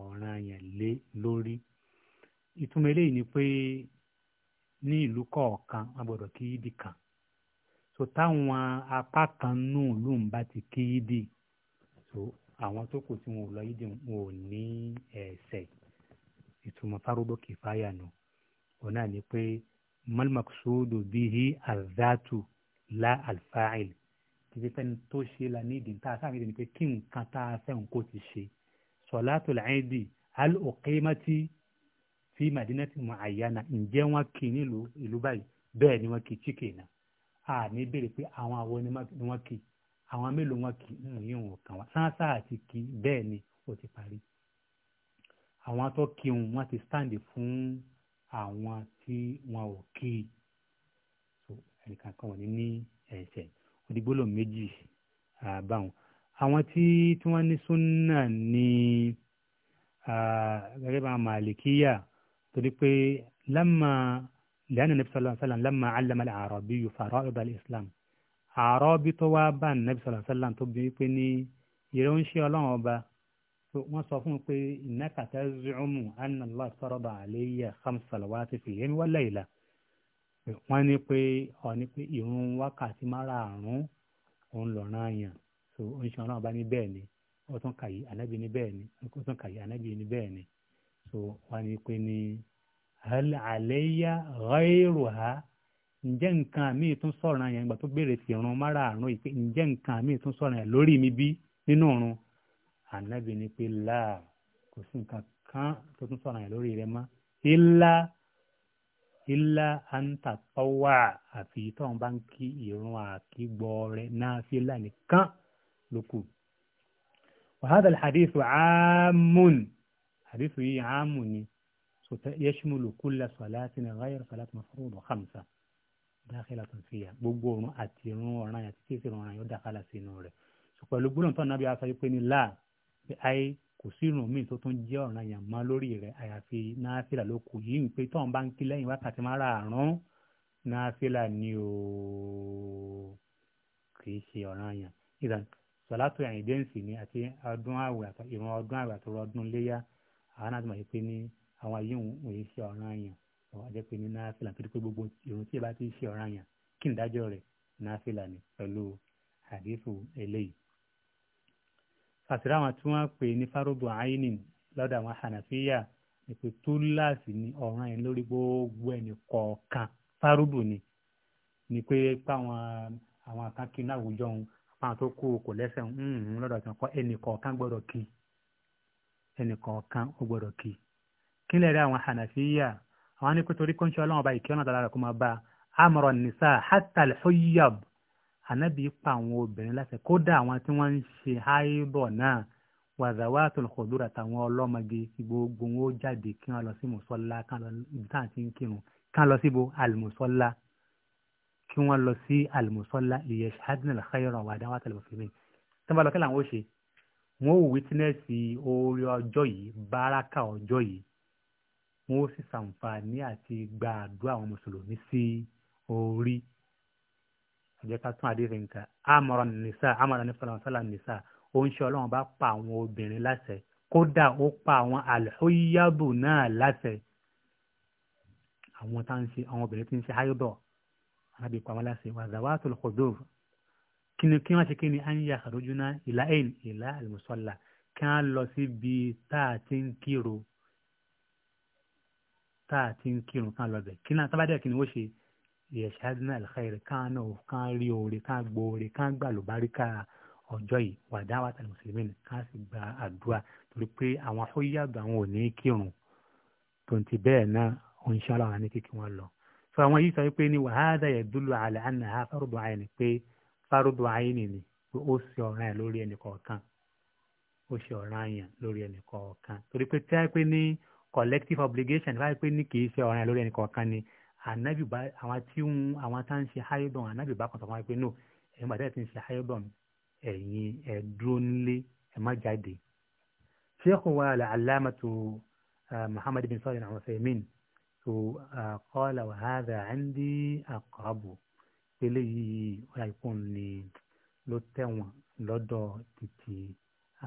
ọ̀ràn yẹn lé lórí. ìtumọ̀ eléyìí ni pé ní ìlú kọ̀ọ̀kan a gbọ́dọ̀ kí yídì kan so táwọn apá kan nù ló ń bá ti kí yídì so àwọn tó kù tí wọn ò lọ yídì wọn ò ní ẹ̀ṣẹ̀ ìtumọ̀ fárúgbó kìfáyà nù òun náà ni pé mal maqsudu bihi azatu la alfa'il kì í ṣe pẹ́ni tó ṣe là ní ìdìntà sáàmì ìdìntà pé kí nǹkan tá a fẹ́ nǹkó ti ṣe sọ̀látò làǹdì alùkèémàtì fi màdínàtì muayyana ǹjẹ́ wọn kì í nílùú ìlú báyìí bẹ́ẹ̀ ni wọn kì í chíkè náà a ní béèrè pé àwọn àwọ ni wọn kì í àwọn mélòó wọn kì í yín wọn kàn wá sáńsá àti kì í bẹ́ẹ̀ ni ó ti parí àwọn tó kí wọn wọn ti stáǹdì fún àwọn tí wọn ò kí i so ẹnìkan kan wọn ní ní ẹ̀ṣẹ̀ òdìgbòlò méjì àbáwọn àwọn tí tí wọ́n ní súnà ní gẹ́gẹ́ bá màlìkíyà torí pé lámà lẹ́yìn nàbí sọlá sọlá lámà alámàlì àròbí yóò fara ọ̀dọ̀ islam àròbí tó wá bá nàbí sọlá sọlá tó bí pé ní ìrẹ́ ń ṣe ọlọ́run ọba wọ́n sọ fún un pé ìnákàtà zuumu anna allah sọ̀rọ̀ bá àlẹ́ yẹ khamsa salawati fil yawmi wal layla wọ́n ní pé ọ ní pé ìrun wákàtí márààrún òun lọ́ràn àyàn so ń ṣe ọlọ́run bá ní bẹ́ẹ̀ ni ó tún kàyí ànábì ní bẹ́ẹ̀ ni ó tún kàyí ànábì ní bẹ́ẹ̀ ni so wọ́n ní pé ní àlẹ́yà ghayruha ǹjẹ́ nǹkan míì tún sọ̀rọ̀ yẹn ìgbà tó béèrè sí irun márààrún yìí pé ǹjẹ́ nǹkan míì tún sọ̀rọ̀ yẹn lórí mi bí nínú òrun ànábì ní pé láà kò sí nǹkan kan tó tún sọ̀rọ̀ yẹn lórí rẹ mọ́ ilá ilá anta tọ́wà àfi tóun bá ń kí ìrun àkígbọ́ rẹ̀ náà fi lánìí kan lókù. وهذا الحديث عام حديث عام يشمل كل صلاة غير صلاة مفروضة خمسة داخلة فيها بقول أتيرون ورنا يتكيسرون يدخل سنوره سقول بقولون طن النبي عليه الصلاة والسلام لا بأي kò sí irun míì tó tún jẹ́ ọ̀ràn yàn mọ́ lórí rẹ̀ àyàfi náfìlà ló kù yìí pé tóun bá ń kí lẹ́yìn wákàtí márààrún náfìlà ni o kì í ṣe ọ̀ràn yàn ìdá sọ̀látò àyìndẹ́ǹsì ni àti ọdún àwẹ̀ àti ìrun ọdún àwẹ̀ àti ọdún léyà àwọn náà ti mọ̀ pé ní àwọn ayé òun èyí ṣe ọ̀ràn yàn ọ̀wá jẹ́ pé ní náfìlà tó ti gbogbo ìrun tí ẹ bá ti ṣe ọ̀ràn yàn kí ìdájọ́ rẹ̀ náfìlà ni pẹ̀lú àdéhùn eléyìí àtìrá àwọn tí wọ́n pè ní fárúdù àyínìn lọ́dọ̀ àwọn hànàfíyà ni pé túláàsì ni ọ̀ràn yẹn lórí gbogbo ẹnì kọ̀ọ̀kan fárúdù ni ni pé páwọn àwọn kan kí náà àwùjọ òun àwọn tó kú kò lẹ́sẹ̀ ń hmm, hmm, lọ́dọ̀ tí wọ́n kọ́ ẹnì kọ̀ọ̀kan gbọ́dọ̀ kí ẹnì kọ̀ọ̀kan ó gbọ́dọ̀ kí kí lè rí àwọn hànàfíyà àwọn ní pé torí kó ń ṣe ọlọ́run ọba ìkí ọ̀nà kó máa bá amọ̀rọ̀ nìsa hátàlì hóyàbù ànábì pa àwọn obìnrin láṣẹ kódà àwọn tí wọ́n ń ṣe háìbọ̀ náà wàzàwàtul khudur àtàwọn ọlọ́mọge gbogbo wọn ó jáde kí wọ́n lọ sí mùsọ́lá kí wọ́n lọ ibi táwọn ti ń kírun kí wọ́n lọ síbo àlùmùsọ́lá kí wọ́n lọ sí àlùmùsọ́lá liyashhadna al-khayra wa da'watal muslimin tí wọ́n bá lọ kí làwọn ó ṣe wọn ò wítínẹ́sì orí ọjọ́ yìí báràkà ọjọ́ yìí wọn ó sì ṣàǹfààní àti gba àwọn mùsùlùmí sí orí jẹ́ ká tún àdéhùn nǹkan amọ̀rọ̀ nìsá amọ̀rọ̀ nífọ̀lọ́sọ́lá nìsá ó ń ṣe ọlọ́run bá pa àwọn obìnrin láṣẹ kódà ó pa àwọn àlùhóyábù náà láṣẹ àwọn tá ń ṣe àwọn obìnrin tí ń ṣe háyọ́bọ̀ arábì pa wọn láṣẹ wà zawaatu lukhudur kí ni kí wọ́n ṣe kí ni an yakhrujna ìlà ẹ̀yìn ìlà àlùmùsọ́là kí wọ́n lọ síbi tá a ti ń kírun tá a ti ń kírun kí wọ́n lọ bẹ̀ kí yẹ̀ṣádínà àlùkàyèrè kán náà kán rí oore kán gbóore kán gbà lùbáríkà ọjọ́ yìí wàdá wàtà mùsùlùmí ká sì gba àdúrà torí pé àwọn afọ́yàgbà àwọn ò ní kírun tonti bẹ́ẹ̀ náà òun ṣe aláwọ̀ ní kíkí wọn lọ. sọ àwọn yìí sọ pé ní wàhálà yẹ dúró àlẹ́ àná ha fárúdù àyè ni pé fárúdù àyè ni ni pé ó ṣe ọ̀ràn yẹn lórí ẹnì kọ̀ọ̀kan ó ṣe ọ̀ràn yẹn lórí ẹnì kọ̀ọ̀kan torí pé tí wọ́n pè ní collective obligation wọ́n pè ní kì í ṣe ọ̀ràn yẹn lórí ẹnì kọ̀ọ̀kan ni ànábì bá àwọn tí ń àwọn tá ń ṣe háyédọ̀n ànábì bá kọ̀tọ̀ wọn pé no ẹ̀yin bàtẹ́ ti ń ṣe háyédọ̀n ẹ̀yin ẹ̀ dúró nílé ẹ̀ má jáde. sheikh wa al-allamatu ah, muhammad bin salih al-uthaymeen so ah, qala wa hadha indi aqrabu pélé yìí ọ̀yà ìkún ni ló tẹ̀wọ̀n lọ́dọ̀ títí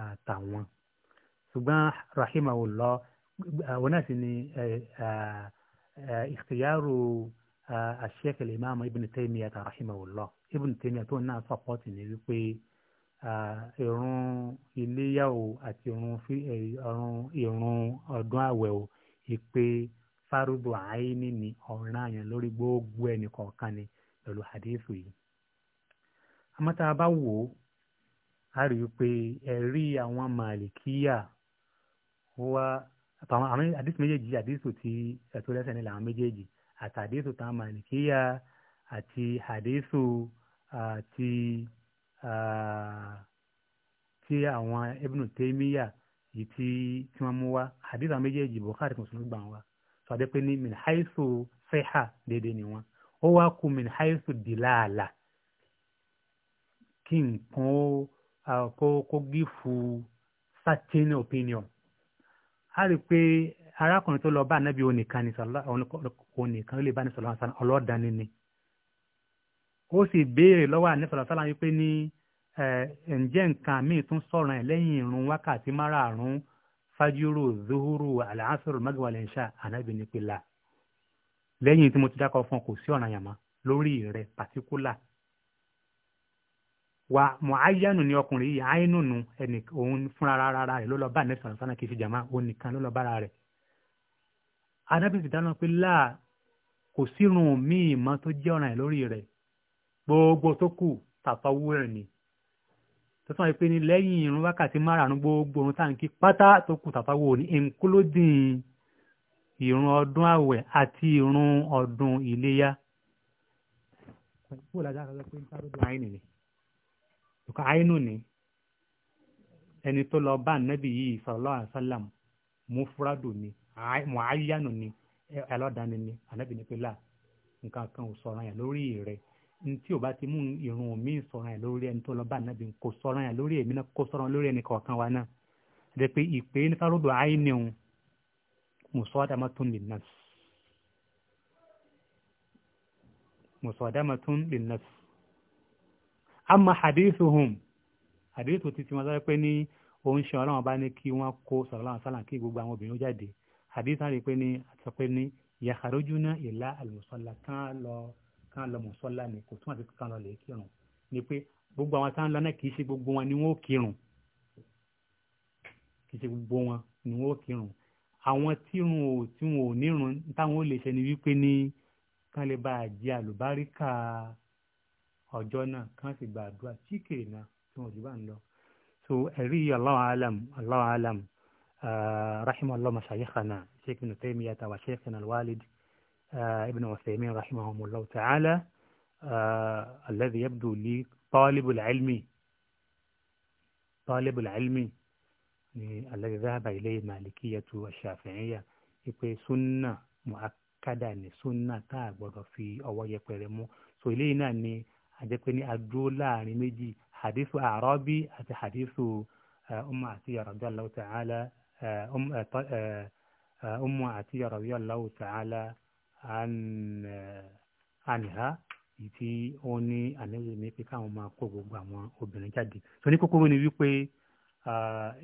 àtàwọn ṣùgbọ́n rahimahullah àwọn náà sì ni. Eh, ah, ikhtiyaru Sheikh al-Imam Ibn Taymiyyah rahimahullah Ibn Taymiyyah tó náà sọ́pọ́tì ní wípé ìrun iléyà o àti ìrun ọdún àwẹ̀ o ìpè fárúbù àìní ni ọ̀ràn àyàn lórí gbogbo ẹnì kọ̀ọ̀kan ni pẹ̀lú hadithu yìí. àmọ́ tá a bá wò ó a rí i pé ẹ̀rí àwọn màlìkíyà wá àtàwọn àwọn àdìsí méjèèjì àdìsí tí ẹ̀tọ́ lẹ́sẹ̀ ní làwọn méjèèjì àti àdìsí tá a máa ní kíyà àti àdìsí ti ti àwọn Ibn Taymiya yìí tí tí wọ́n mú wá àdìsí àwọn méjèèjì Bukhari Muslim gbà wá sọ adé pé ní min haythu sihha déédéé ni wọ́n ó wá kú min haythu dilala kí nǹkan ó kó kó gífù certain opinion. a rí pé arákùnrin tó lọ bá anábì onìkan ní onìkan lè bá ní sọlá ọlọ́dàáni ni ó sì béèrè lọ́wọ́ àníṣọlá sálá pé ní ǹjẹ́ nǹkan míì tún sọ̀rọ̀ ẹ̀ irun wákàtí márààrún fájúrò zuhuru aláàsọ̀rọ̀ maghrib lẹ́ńṣà anábì ní pé la lẹ́yìn tí mo ti dákọ̀ fún wa mọ̀áyánu ni ọkùnrin yìí àínúnu ẹnì òun fúnra rárá rẹ̀ ló lọ bá nẹ́sàn sánà kìí ṣe jàmá òun nìkan ló lọ bára rẹ̀. arábìnrin ti dáná pé láà kò sírun míì mọ́ tó jẹ́ ọ̀ràn ẹ̀ lórí rẹ̀ gbogbo tó kù tàfáwú rẹ̀ ni tó tún wáyé pé ní lẹ́yìn irun wákàtí márùn-ún gbogbo orun táǹkì pátá tó kù tàfáwú ní including irun ọdún àwẹ̀ àti irun ọdún iléyá. pẹ̀lú ìpò kan sọ ń tá tùkọ́ àínú ni ẹni tó lọ bá ànábì yìí sallallahu alaihi wasallam mufradu ni muayyanu ni ẹlọ́dani ni ànábì ní pé là nǹkan kan ò sọ̀rọ̀ yẹn lórí rẹ̀ ntí o bá ti mú irun mi sọ̀rọ̀ yẹn lórí ẹni tó lọ bá ànábì kò sọ̀rọ̀ yẹn lórí èmi náà kò sọ̀rọ̀ lórí ẹni kọ̀ọ̀kan wa náà àti pé ìpè ní fárúdù àìní òun musadamatun linnas musadamatun linnas àmọ́ hadithuhum hadithu ti tiwọn sọ pé ní òun ṣe ọlọ́run bá ní kí wọ́n kó sọ̀rọ̀ sálà kí gbogbo àwọn obìnrin ó jáde hadith náà rí pé ní sọ pé ní yakharujuna ila al-musalla kán lọ kán lọ musalla ni kò túmọ̀ sí kán lọ lè kírun ni pé gbogbo àwọn táwọn lọ náà kì í ṣe gbogbo wọn ni wọn ó kírun kì í ṣe gbogbo wọn ni wọn ó kírun àwọn tírun ò tí wọn ò nírun táwọn ó lè ṣe ni wípé ní kán lè bá a jẹ àlùbáríkà. ọjọ́ náà kán sì gba àdúrà chíkèrè náà tí wọ́n ti bá ń lọ. so ẹ̀rí Allahu alam Allahu alam rahim allah mashayikhana sheikh ibn yata wa sheikh ibn alwalid ibn usaymin rahimahumullahu ta'ala alladhi yabdu li tọ́lẹ́bù lẹ́lmi طالب العلم طالب العلم الذي ذهب إليه المالكية والشافعية ìpè sunna mu'akkada ni sunna tá a gbọdọ̀ fi ọwọ́ yẹpẹrẹ mú so eléyìí náà ni àjẹpẹ́ ní adúró láàrin méjì hadithu àrọ́bí àti hadithu ọmọ àti yàrọ̀bí Allahu ta'ala ọmọ àti yàrọ̀bí Allahu ta'ala àníhá ìtí ó ní àníwò ní pé káwọn máa kó gbogbo àwọn obìnrin jáde tó ní kókóró ni wípé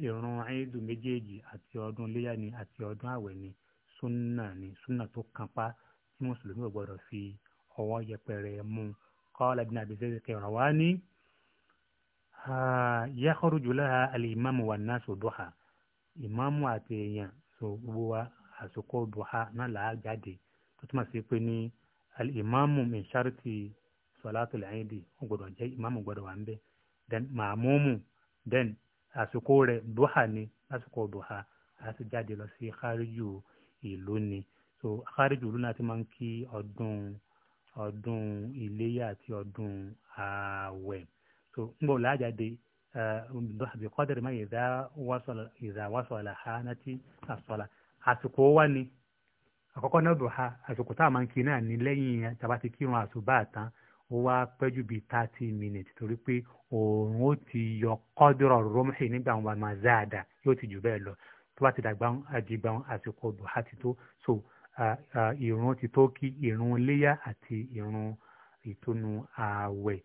ìrun àìdù méjèèjì àti ọdún iléyà ni àti ọdún àwẹ̀ ni súnà ni súnà tó kápá tí mùsùlùmí ò gbọdọ̀ fi ọwọ́ yẹpẹrẹ mú un. قال ابن أبي زيد القيرواني يخرج لها الإمام والناس ضحى إمام àtẹ̀yàn gbogbo wa àsìkò ضحى náà là á jáde tó túmọ̀ sí pé ní alìmáàmù min sharti sọ̀látù lẹ́yìndì ó gbọ́dọ̀ jẹ́ ìmáàmù gbọ́dọ̀ wà ń bẹ̀ then màmúmù then àsìkò rẹ̀ ضحى ni lásìkò ضحى a sì jáde lọ sí kárìjù ìlú ni so kárìjù ìlú náà ti máa ń kí ọdún ọdún iléyà àti ọdún ààwẹ̀ so ń bọ̀ lájáde bí kọ́dẹ̀rì máa ìdá wàsọ̀lá ha náti àsọ̀lá àsìkò wá ni àkọ́kọ́ náà dùn ha àsìkò tá a máa ń kí náà ní lẹ́yìn tàbá ti kírun àsùbá tán ó wá pẹ́jù bíi thirty minutes torí pé òòrùn ó ti yọ kọ́dọ̀rọ̀ rọ́mùsì nígbà wọn máa záàdà yóò ti jù bẹ́ẹ̀ lọ tó bá ti dàgbà àdìgbà àsìkò dùn ha ti tó so ìrun ti tó kí ìrun léyà àti ìrun ìtúnu ààwẹ̀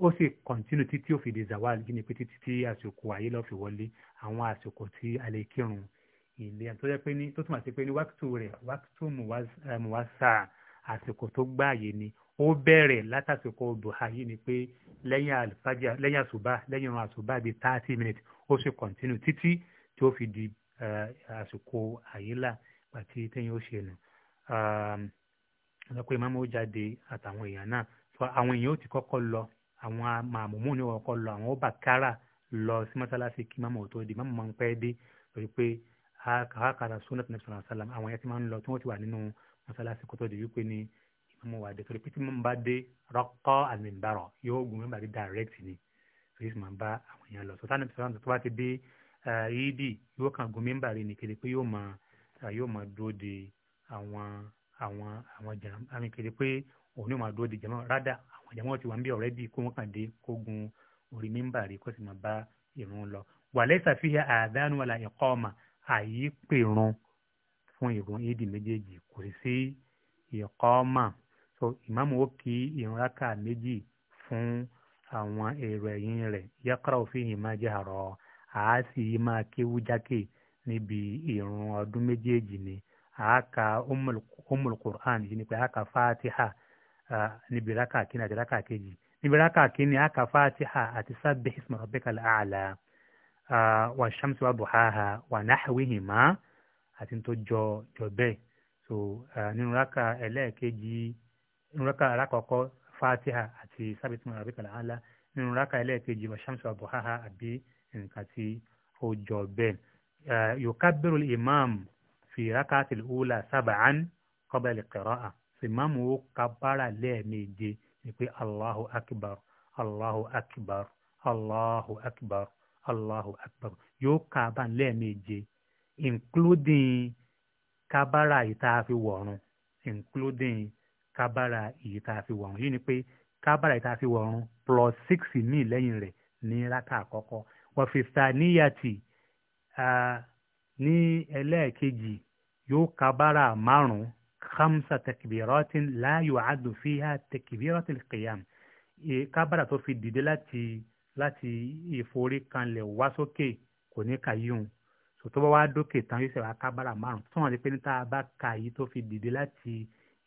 ó sì kọ̀ntínú títí ó fi di zawal gíní pé títí tí àsìkò ayé lọ́ọ́ fi wọlé àwọn àsìkò tí a lè kírun ilé tó jẹ́ pé ní tó túmọ̀ sí pé ní wákìtù rẹ̀ wákìtù mùwásà àsìkò tó gbáàyè ni ó bẹ̀rẹ̀ látàsìkò duha yìí ni pé lẹ́yìn àlùfájà lẹ́yìn àṣùbà lẹ́yìn ìrun àṣùbà bíi thirty minutes ó sì kọ̀ntínú títí tí ó fi di Eh, àsìkò àyílà àti téèyàn ó ṣe nù ọ̀nà pé ìmáàmù ó jáde àtàwọn èèyàn náà àwọn èèyàn ó ti kọ́kọ́ lọ àwọn màmúmú ni wọ́n kọ́ lọ àwọn ó bá kára lọ sí mọ́sálásí kí máàmù tó di máàmù máa ń pẹ́ dé lórí pé àkàrà sunnat nabi sallallahu alaihi wasallam àwọn yẹn ti máa ń lọ tí wọ́n ti wà nínú mọ́sálásí kó tó di wípé ni ìmáàmù wà dé torí pé tí máàmù bá dé rọ́kọ́ àmìbárọ̀ yóò gùn mẹ́bàá dé direct ni torí sì máa bá àwọn èèyàn lọ sọ́tà nabi sallallahu alaihi tó bá ti dé ìdí yóò kàn gun mímbà rí ni kéde pé yóò máa yóò máa dúró de àwọn àwọn àwọn pé òun dúró de rádà àwọn ti wà ń bí ọ̀rẹ́ bí kó wọ́n kàn dé kó gun orí mímbà rí kó sì máa bá lọ. wàlẹ́ ìsàfihàn àdánù wàlà ẹ̀kọ́ ọmọ fún ìrun ìdí méjèèjì kò sí ẹ̀kọ́ ọmọ so ìmáàmù ó kí ìrun rákà méjì fún àwọn èrò ẹ̀yìn rẹ̀ a sì máa kéwú jákè níbi ìrun ọdún méjèèjì ni a ka umul Qur'an yìí ni pé a ka fatiha níbi rákà kínní àti rákà kejì níbi rákà kínní a ka fatiha àti sabbih isma rabbikal a'la wa shamsi wa duhaha wa nahwihima àti tó jọ jọ bẹ́ẹ̀ so nínú rákà ẹlẹ́ẹ̀kejì nínú rákà alákọ̀ọ́kọ́ fatiha àti sabbih isma rabbikal a'la nínú rákà ẹlẹ́ẹ̀kejì wa shamsi wa duhaha àbí nǹkan tí ó jọ bẹ́ẹ̀ yukabiru imam fi rakati ula sab'an qabla al-qira'a imam ó kabara lẹ́ẹ̀méje ni pé allahu akbar allahu akbar allahu akbar allahu akbar yóò kaba lẹ́ẹ̀méje including kabara yìí tá wọ̀run including kabara yìí tá a fi wọ̀run yìí ni pé kábàrà ìta wọ̀run plus six míì lẹ́yìn rẹ̀ ní rákà àkọ́kọ́ wàfìtàníyàtì ní ẹlẹ́ẹ̀kejì yóò kábàrà márùn-ún khamsa takbiratin la yu'addu fiha takbiratil qiyam kábàrà tó fi dìde láti láti ìforíkanlẹ̀ wá sókè kò ní ka yíhun sòtò bá wá dókè tán yóò ṣe kábàrà márùn-ún tó wọn ti pé ní tá a bá ka yìí tó fi dìde láti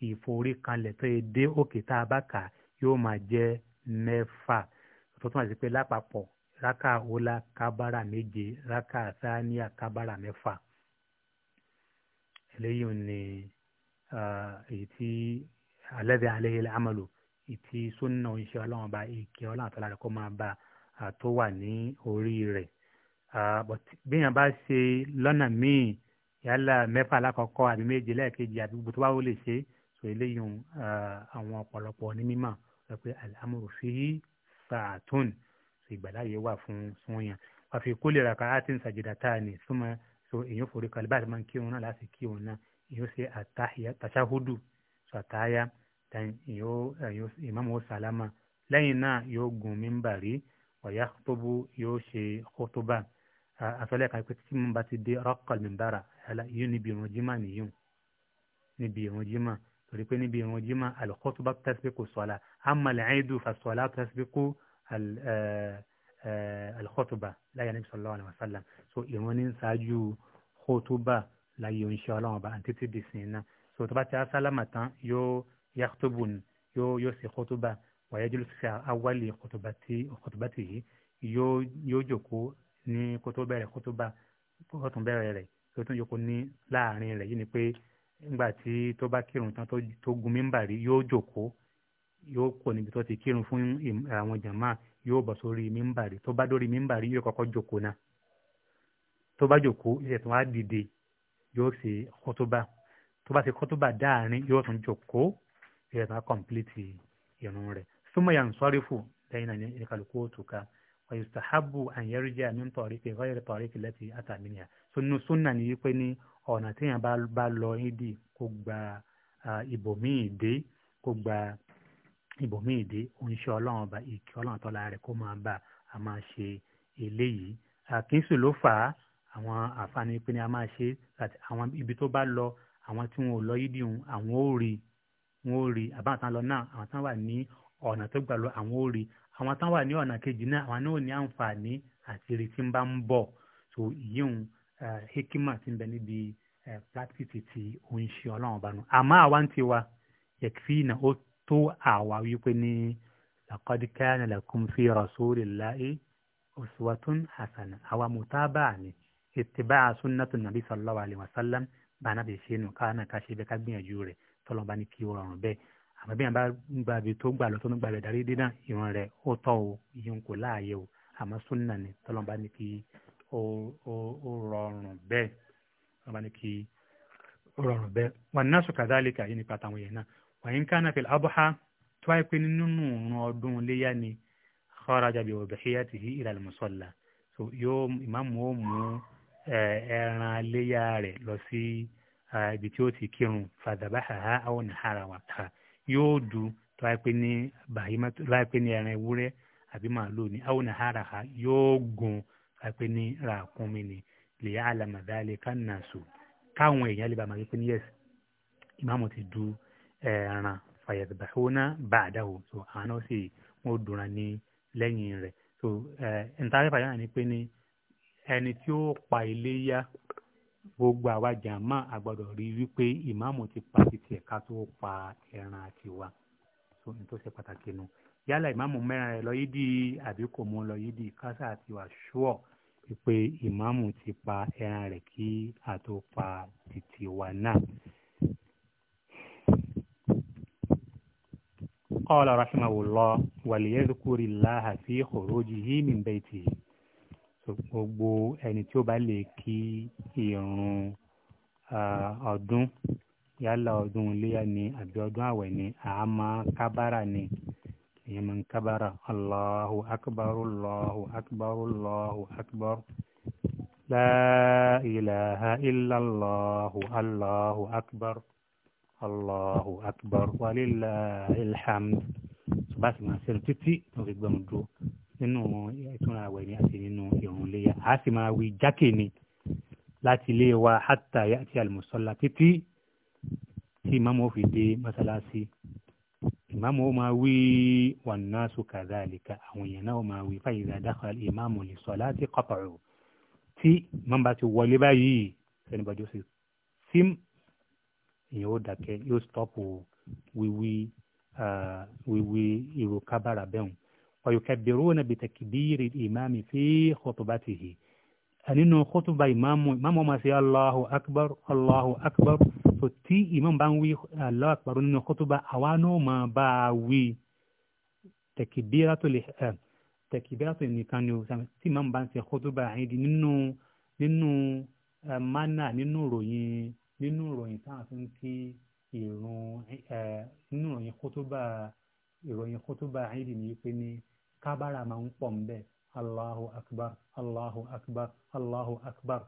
ìforíkanlẹ̀ tó yẹ dé òkè tá a bá kà yóò máa jẹ́ mẹ́fà tó tún àti pé lápapọ̀ Raka ọ̀la kabara méje raka sáníà kabara mẹ́fà eléyìí ni èyí tí alẹ́dẹ̀ alẹ́ ilẹ̀ amọ̀lò ìtì sunna oníṣẹ́ ọlọ́run bá ìkẹ́ ọlọ́run àtàlà rẹ̀ kó máa bá a tó wà ní orí rẹ̀ bíyàn bá ṣe lọ́nà míì yálà mẹ́fà lákọ̀ọ́kọ́ àbí méje lẹ́ẹ̀kejì àbí gbogbo tó bá wò lè ṣe sọ eléyìí àwọn ọ̀pọ̀lọpọ̀ ní mímọ̀ pé al-amru ìgbàláyè wà fún fún yàn àfi kólé raka á ti ń sàjìdá tá a ní súnmọ́ so èèyàn forí kalẹ̀ bá a ti máa ń kírun náà láti kírun náà èèyàn ṣe àtàyà tàṣáhùdù so àtàyà ìmáàmù ó sàlámà lẹ́yìn náà yóò gun mímbàrí ọ̀yà tóbú yóò ṣe kótóbà àtọ́lẹ̀ kan pé tí mo bá ti dé rọ́kọ̀l mímbàrà yóò níbi ìrun jimá nìyóò níbi ìrun jimá torí pé níbi ìrun jimá àlùkọ́tóbà tẹ́sí pé kò sọ̀la àmàlẹ́ àìdù fàṣọ̀lá tẹ́sí pé kò alkhotuba láyé anabi sallallahu alayhi wa sallam so ìrun ní ṣáájú kótóbà láyé oníṣẹ Ọlọ́run ọba àti títí di náà so tó bá ti asálámà tán yóò yakhtubu yóò yóò ṣe kótóbà wa yajlisu fi awali khutubatihi yóò yóò jókòó ní kótó bẹ̀rẹ̀ kótóbà kótó tún bẹ̀rẹ̀ rẹ̀ tó tún jókòó ní láàrin rẹ̀ yìí ni pé ńgbà tó bá kírun tán tó gun mímbà yóò jókòó yóò kọ níbi tó ti kírun fún àwọn jàmá yóò bọ̀ sórí mímbàrí tó bá dórí mímbàrí yóò kọ́kọ́ jókòó náà tó bá jókòó yóò tún wá dìde yóò ṣe kọ́tóbà tó bá ṣe kọ́tóbà dáàrin yóò tún jókòó yóò tún wá kọ̀m̀pìlìtì irun rẹ̀ súnmọ́ yà ń sọ́rí fò lẹ́yìn náà ní kálukú òtùká wa yustahabu an yarja min tariqi ghayri tariqi lati ata minha sunu sunna ni wípé ní ọ̀nà téèyàn bá lọ ídì kó ibòmíì dé oníṣẹ Ọlọ́run ọba ìkẹ́ Ọlọ́run tọlá rẹ̀ kó máa bá a máa ṣe eléyìí àkínsù ló fà á àwọn àǹfààní pé ni a máa ṣe àwọn ibi tó bá lọ àwọn tí wọn ò lọ yídì hun àwọn ò rí wọn ò rí àbáwọn tán lọ náà àwọn tán wà ní ọ̀nà tó gbà lọ àwọn ò rí àwọn tán wà ní ọ̀nà kejì náà àwọn náà ní àǹfààní àti ìrètí ń bá ń bọ̀ so ìyíhun hekima ti ń bẹ níbi practice ti òun ṣe ọlọ́run ọba nu àmọ́ àwa ń tiwa yẹ̀kí náà tó àwa wípé ní laqad kana lakum fi rasulillahi uswatun hasana àwa mutaba ni ìtìbá sunnatu nàbí sallallahu alayhi wa sallam bàánà bẹ̀ ṣe nù káwọn náà ká ṣe bẹ́ẹ̀ ká gbìyànjú rẹ̀ tọ́lọ́ bá ní kí ó rọrùn bẹ́ẹ̀ àmọ́ bí wọn bá gba ibi tó gbà lọ tó ń gba darí dídán ìran rẹ̀ ó tọ́ o ìyẹn kò láàyè o àmọ́ súnà ni tọ́lọ́n bá ní kí ó rọrùn bẹ́ẹ̀ tọ́lọ́n bá ní kí ó rọrùn bẹ́ẹ̀ wọn náà sùn kàdálíkà yìí nípa táwọn yẹn náà wàyín kánà fil abha tó wáyé pé nínú òun ọdún léyà ni kharaja bi udhiyatihi ila al-musalla so yóò ìmáàmù ó mú ẹran léyà rẹ̀ lọ sí ibi tí ó ti kírun fadhabahaha aw nahara waqtaha yóò du tó wáyé pé ní bàyímà tó wáyé pé ní ẹran ewúrẹ́ àbí màálù ni aw nahara ha yóò gun wáyé pé ní ràkúnmí ni liya'lama dhalika an-nasu káwọn èèyàn lè bá máa wípé ní yẹ́sì ìmáàmù ti du. ẹran fàyẹ̀sìbàhónà bàdáwò so àwọn náà sì wọ́n dùnra ní lẹ́yìn rẹ̀ so ntàrí ni pé ni ẹni tí ó pa iléyá gbogbo àwa jàmá a ri rí wípé ìmáàmù ti pa títí ẹ̀ka tó pa ẹran àti wa so n tó ṣe pàtàkì nu yálà ìmáàmù mẹ́rin rẹ̀ lọ yídì àbí kò mú lọ yídì kásá àti wà ṣúọ̀ pé ìmáàmù ti pa rẹ̀ kí pa títí wa náà. قال رحمه الله وليذكر الله في خروجه من بيته gbogbo ẹni tí ó bá lè kí ìrun ọdún yálà ọdún iléyà ni àbí ọdún àwẹ̀ ni àmọ́ kábàrà ni ìyẹn mọ̀ ń kábàrà allahu akbar allahu akbar allahu akbar la ilaha illallah allahu akbar. Allahu akbar walillahil hamd ṣùgbọ́n àti máa ṣẹlẹ̀ títí tó fi gbẹ̀rún dúró nínú ìtura àwẹ̀ ni àti nínú ìrùn léyà a sì máa wí jákè ni láti ilé wa hatta ya'ti al-musalla títí tí ìmáàmù fi dé mọ́sálásí ìmáàmù ó máa wí wan nasu kadhalika àwọn èèyàn náà ó máa wí fa idha dakhala al-imamu li tí ìmáàmù ti wọlé báyìí sẹ́ni sí sim èèyàn ó dákẹ́ yóò stop wíwí wíwí irú kábàrà bẹ́ẹ̀ wa yukabbiruna bi takbiri imami fi khutubatihi nínú khutuba ìmáàmù ìmáàmù máa ṣe Allahu akbar Allahu akbar tó tí ìmáàmù bá ń wí Allahu akbar nínú khutuba àwa náà máa bá a wí takbiratul takbiratul nìkan ni o tí ìmáàmù bá ń ṣe khutuba àyìn nínú nínú mánà nínú ìròyìn nínú ìròyìn tá à fi ń kí ìrun nínú ìròyìn kótóbà ìròyìn kótóbà ìdí ni pé ní kábàrà máa ń pọ̀ ńbẹ́ allahu akbar allahu akbar allahu akbar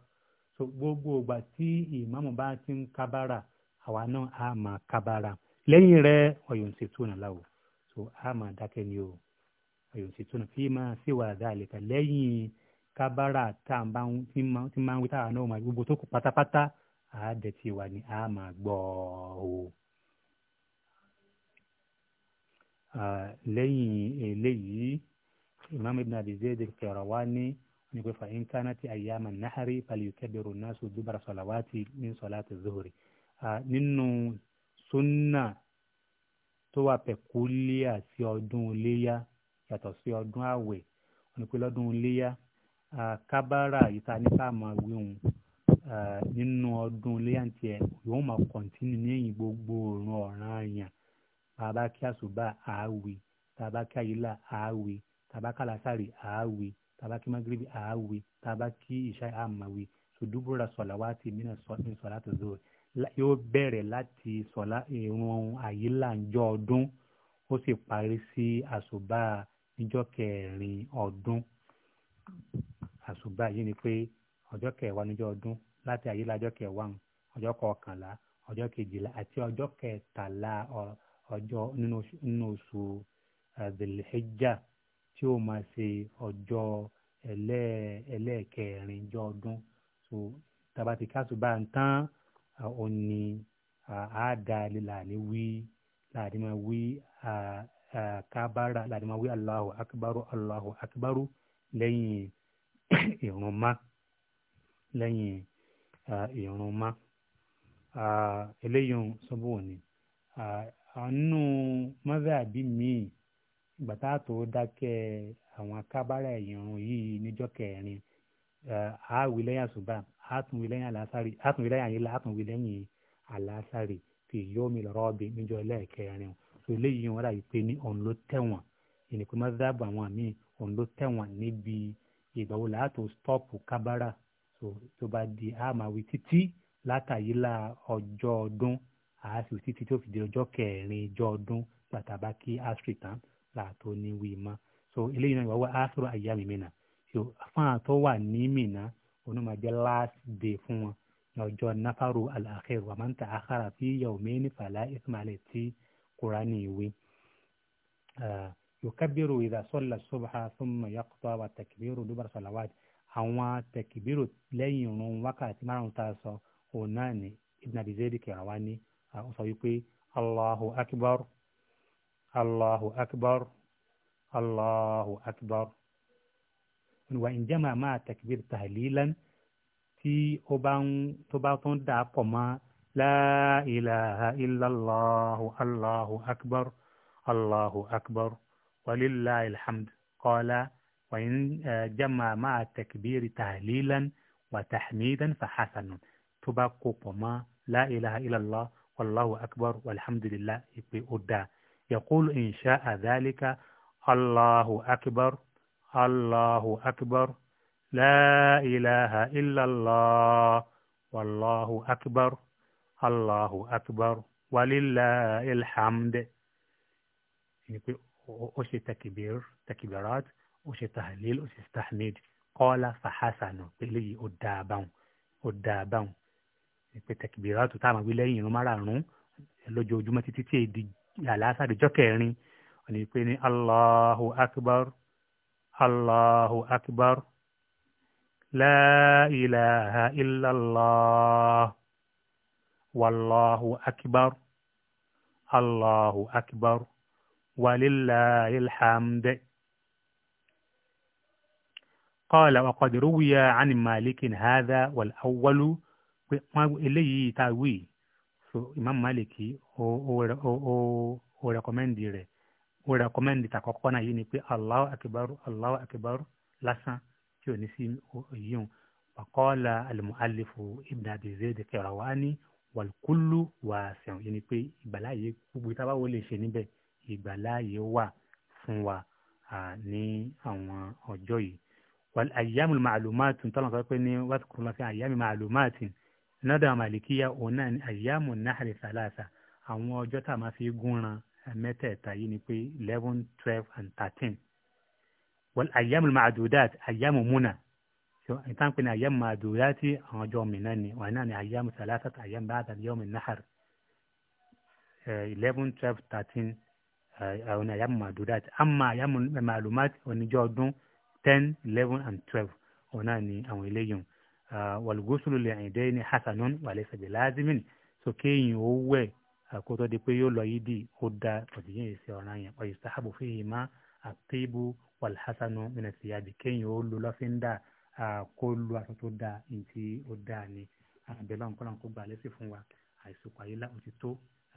so gbogbo ìgbà tí ìmáàmù bá ti ń kábàrà àwa náà á máa kábàrà lẹ́yìn rẹ̀ ọ̀yọ̀ ń ṣe tó láwò so á máa dákẹ́ ni o ọ̀yọ̀ ń ṣe tó nà fi máa ṣèwà dáàlẹ́ka lẹ́yìn kábàrà tá à ń bá ń fi máa ń wí táwa náà máa gbogbo tó kù pátápátá àádẹ́tì wa ni a máa gbọ́ ọ. lẹ́yìn eléyìí imam ibn abi zayd al-Qayrawani ní pé fa in kanati ayyama nahari falyukabbiru nasu dubara salawati min salati zuhri. nínú sunna tó wà pẹ̀kúlíà sí ọdún iléyà yàtọ̀ sí ọdún àwẹ̀ wọn ni pé lọ́dún kábàárà yìí ta ní máa wí nínú ọdún léyàntì ẹ yóò máa kọ̀ntínú ní ẹ̀yìn gbogbo òórùn ọ̀ràn àyàn bàbá kí àṣùbà àáwì bàbá kí àyílà àáwì bàbá kí àlàsàrì àáwì bàbá kí magrebi àáwì bàbá kí ìṣá àmàwì sùdúbúrà sọ̀làwátì mí ní sọ̀lá tó zòrò yóò bẹ̀rẹ̀ láti sọ̀lá ìrun àyílà ńjọ́ ọdún ó sì parí sí àṣùbà níjọ́ kẹrin ọdún àṣùbà yìí ni pé ọjọ́ kẹwàá níjọ́ ọdún láti ayé lájọ́ kẹwàá ọjọ́ kọkànlá ọjọ́ kejìlá àti ọjọ́ kẹtàlá ọjọ́ nínú oṣù zilhijja tí ó máa ṣe ọjọ́ ẹlẹ́ẹ̀kẹrin jọ ọdún so tabati kásù bá ń tán òní àádá láàní wí láàní máa wí kábàárà láàní máa wí Allahu akbaru Allahu akbaru lẹ́yìn ìrùnmá lẹ́yìn ìrun má eléyìí sọ́bù òní àánú mọ́sàbí míì gbàtà tó dákẹ́ àwọn akábára ìrun yìí níjọ́ kẹrin àáwí lẹ́yìn àṣùbà àtúnwí lẹ́yìn àlásàrì àtúnwí lẹ́yìn àyílá àtúnwí lẹ́yìn àlásàrì fi yóò mi lọ́rọ́ bí níjọ́ ẹlẹ́ẹ̀kẹrin so eléyìí wọn dàbí pé ní òun ló tẹ̀wọ̀n ìnìkú mọ́sàbí àwọn míì òun ló tẹ̀wọ̀n níbi ìgbà wo stọ́ọ̀pù kábára so tó bá di a máa wí títí látàyílà ọjọ́ ọdún a sì wí títí tó fi di ọjọ́ kẹrin ọjọ́ ọdún pàtàkì kí asiri tán làtó ní wí mọ́ so eléyìí náà wà wá àyà mìíràn so fún àtọ́ wà ní mìíràn òun máa jẹ́ last day fún wọn ní ọjọ́ nafaru al-akhir wa man ta'akhara fi yawmaini fala ithma alayhi tí kúránì ìwé. يكبر إذا صلى الصبح ثم يقطع والتكبير دبر صلوات àwọn tẹ̀kìbírò lẹ́yìn irun wákàtí márùn tá a sọ òun náà ni ibn abi zayd kìràwá ní àwọn sọ wípé allahu akbar allahu akbar allahu akbar wa in jama máa tẹ̀kìbírò tahlilan tí ó bá ń tó bá tó ń dà pọ̀ mọ́ la illallahu allahu akbar allahu akbar walillahi alhamd وإن جمع مع التكبير تهليلا وتحميدا فحسن تبقى قما لا إله إلا الله والله أكبر والحمد لله بأدا يقول إن شاء ذلك الله أكبر الله أكبر لا إله إلا الله والله أكبر الله أكبر ولله الحمد يعني أشي تكبير تكبيرات وشي تحليل وشي استحميد قال فحسن بلي أدابان أدابان بتكبيرات وطعم بلي ينمارانو لو جو جمع تتتي دي لاسا دي جوكيرني وني يقولني الله أكبر الله أكبر لا إله إلا الله والله أكبر الله أكبر ولله الحمد قال وقد روي عن مالك هذا والأول eléyìí tá a wí so Imam Maliki ó ó ó rẹkọmẹ́ndì rẹ̀ ó rẹkọmẹ́ndì tàkọ́kọ́ náà yìí ni pé Allahu Akbar Allahu Akbar lásán tí ò ní sí yíyún wàkọ́ọ̀lá al-mu'allifu Ibn Abi Zayd Qirawani wàlúkúlù wà sẹ̀wọ̀n yìí ni pé ìgbàláyé gbogbo ìta báwo lè ṣe níbẹ̀ ìgbàláyé wà fún wa ní àwọn ọjọ́ yìí wal ayyamul ma'lumatin tọ́lọ̀ sọ pé ní wàtúkú lọ sí ayyamul ma'lumatin nọ́dọ̀ àmàlìkíyà òun náà ní ayyamun nahri salasa àwọn ọjọ́ tá a máa fi gúnran mẹ́tẹ̀ẹ̀ta yìí ni pé eleven twelve and thirteen wal ayyamul ma'dudat ayyamu múnà ìtàn pé ní ayyamu ma'dudati àwọn ọjọ́ mìíràn ni wọn náà ní ayyamu salasa ayyamu ba'da yawmin nahr eh, eleven twelve thirteen eh, àwọn ayyamu ma'dudat amma ayyamu ma'lumat oníjọ́ ọdún ten eleven and twelve ọ̀nà ni àwọn eléyìí wàlúgọ́sùlù lè àyìn dẹ́yìn ní hasanun wàlẹ́ sẹ̀dẹ̀ láàzímìn so kéèyàn ó wẹ̀ àkótó di pé yóò lọ yìí di ó da ọ̀dìyàn ìṣe ọ̀ràn yẹn ọ̀yìn sáhábù fi hì má àtẹ́bù wàlhásánù mìíràn sí yàbí kéèyàn ó lo lọ́fíńdà kó lu aṣọ tó ntí ó da ni àbẹ̀lọ́ nǹkan kó gbà lẹ́sìn fún wa àìsùkò àyílá ó ti tó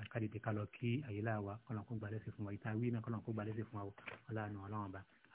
àkàdìdì ká lọ kí àyílá wa kọ́ńtà kó gbà lẹ́sìn fún wa ìtàwí náà kọ́ńtà kó gbà lẹ́sìn fún wa ọlọ́run ọlọ́run ọba.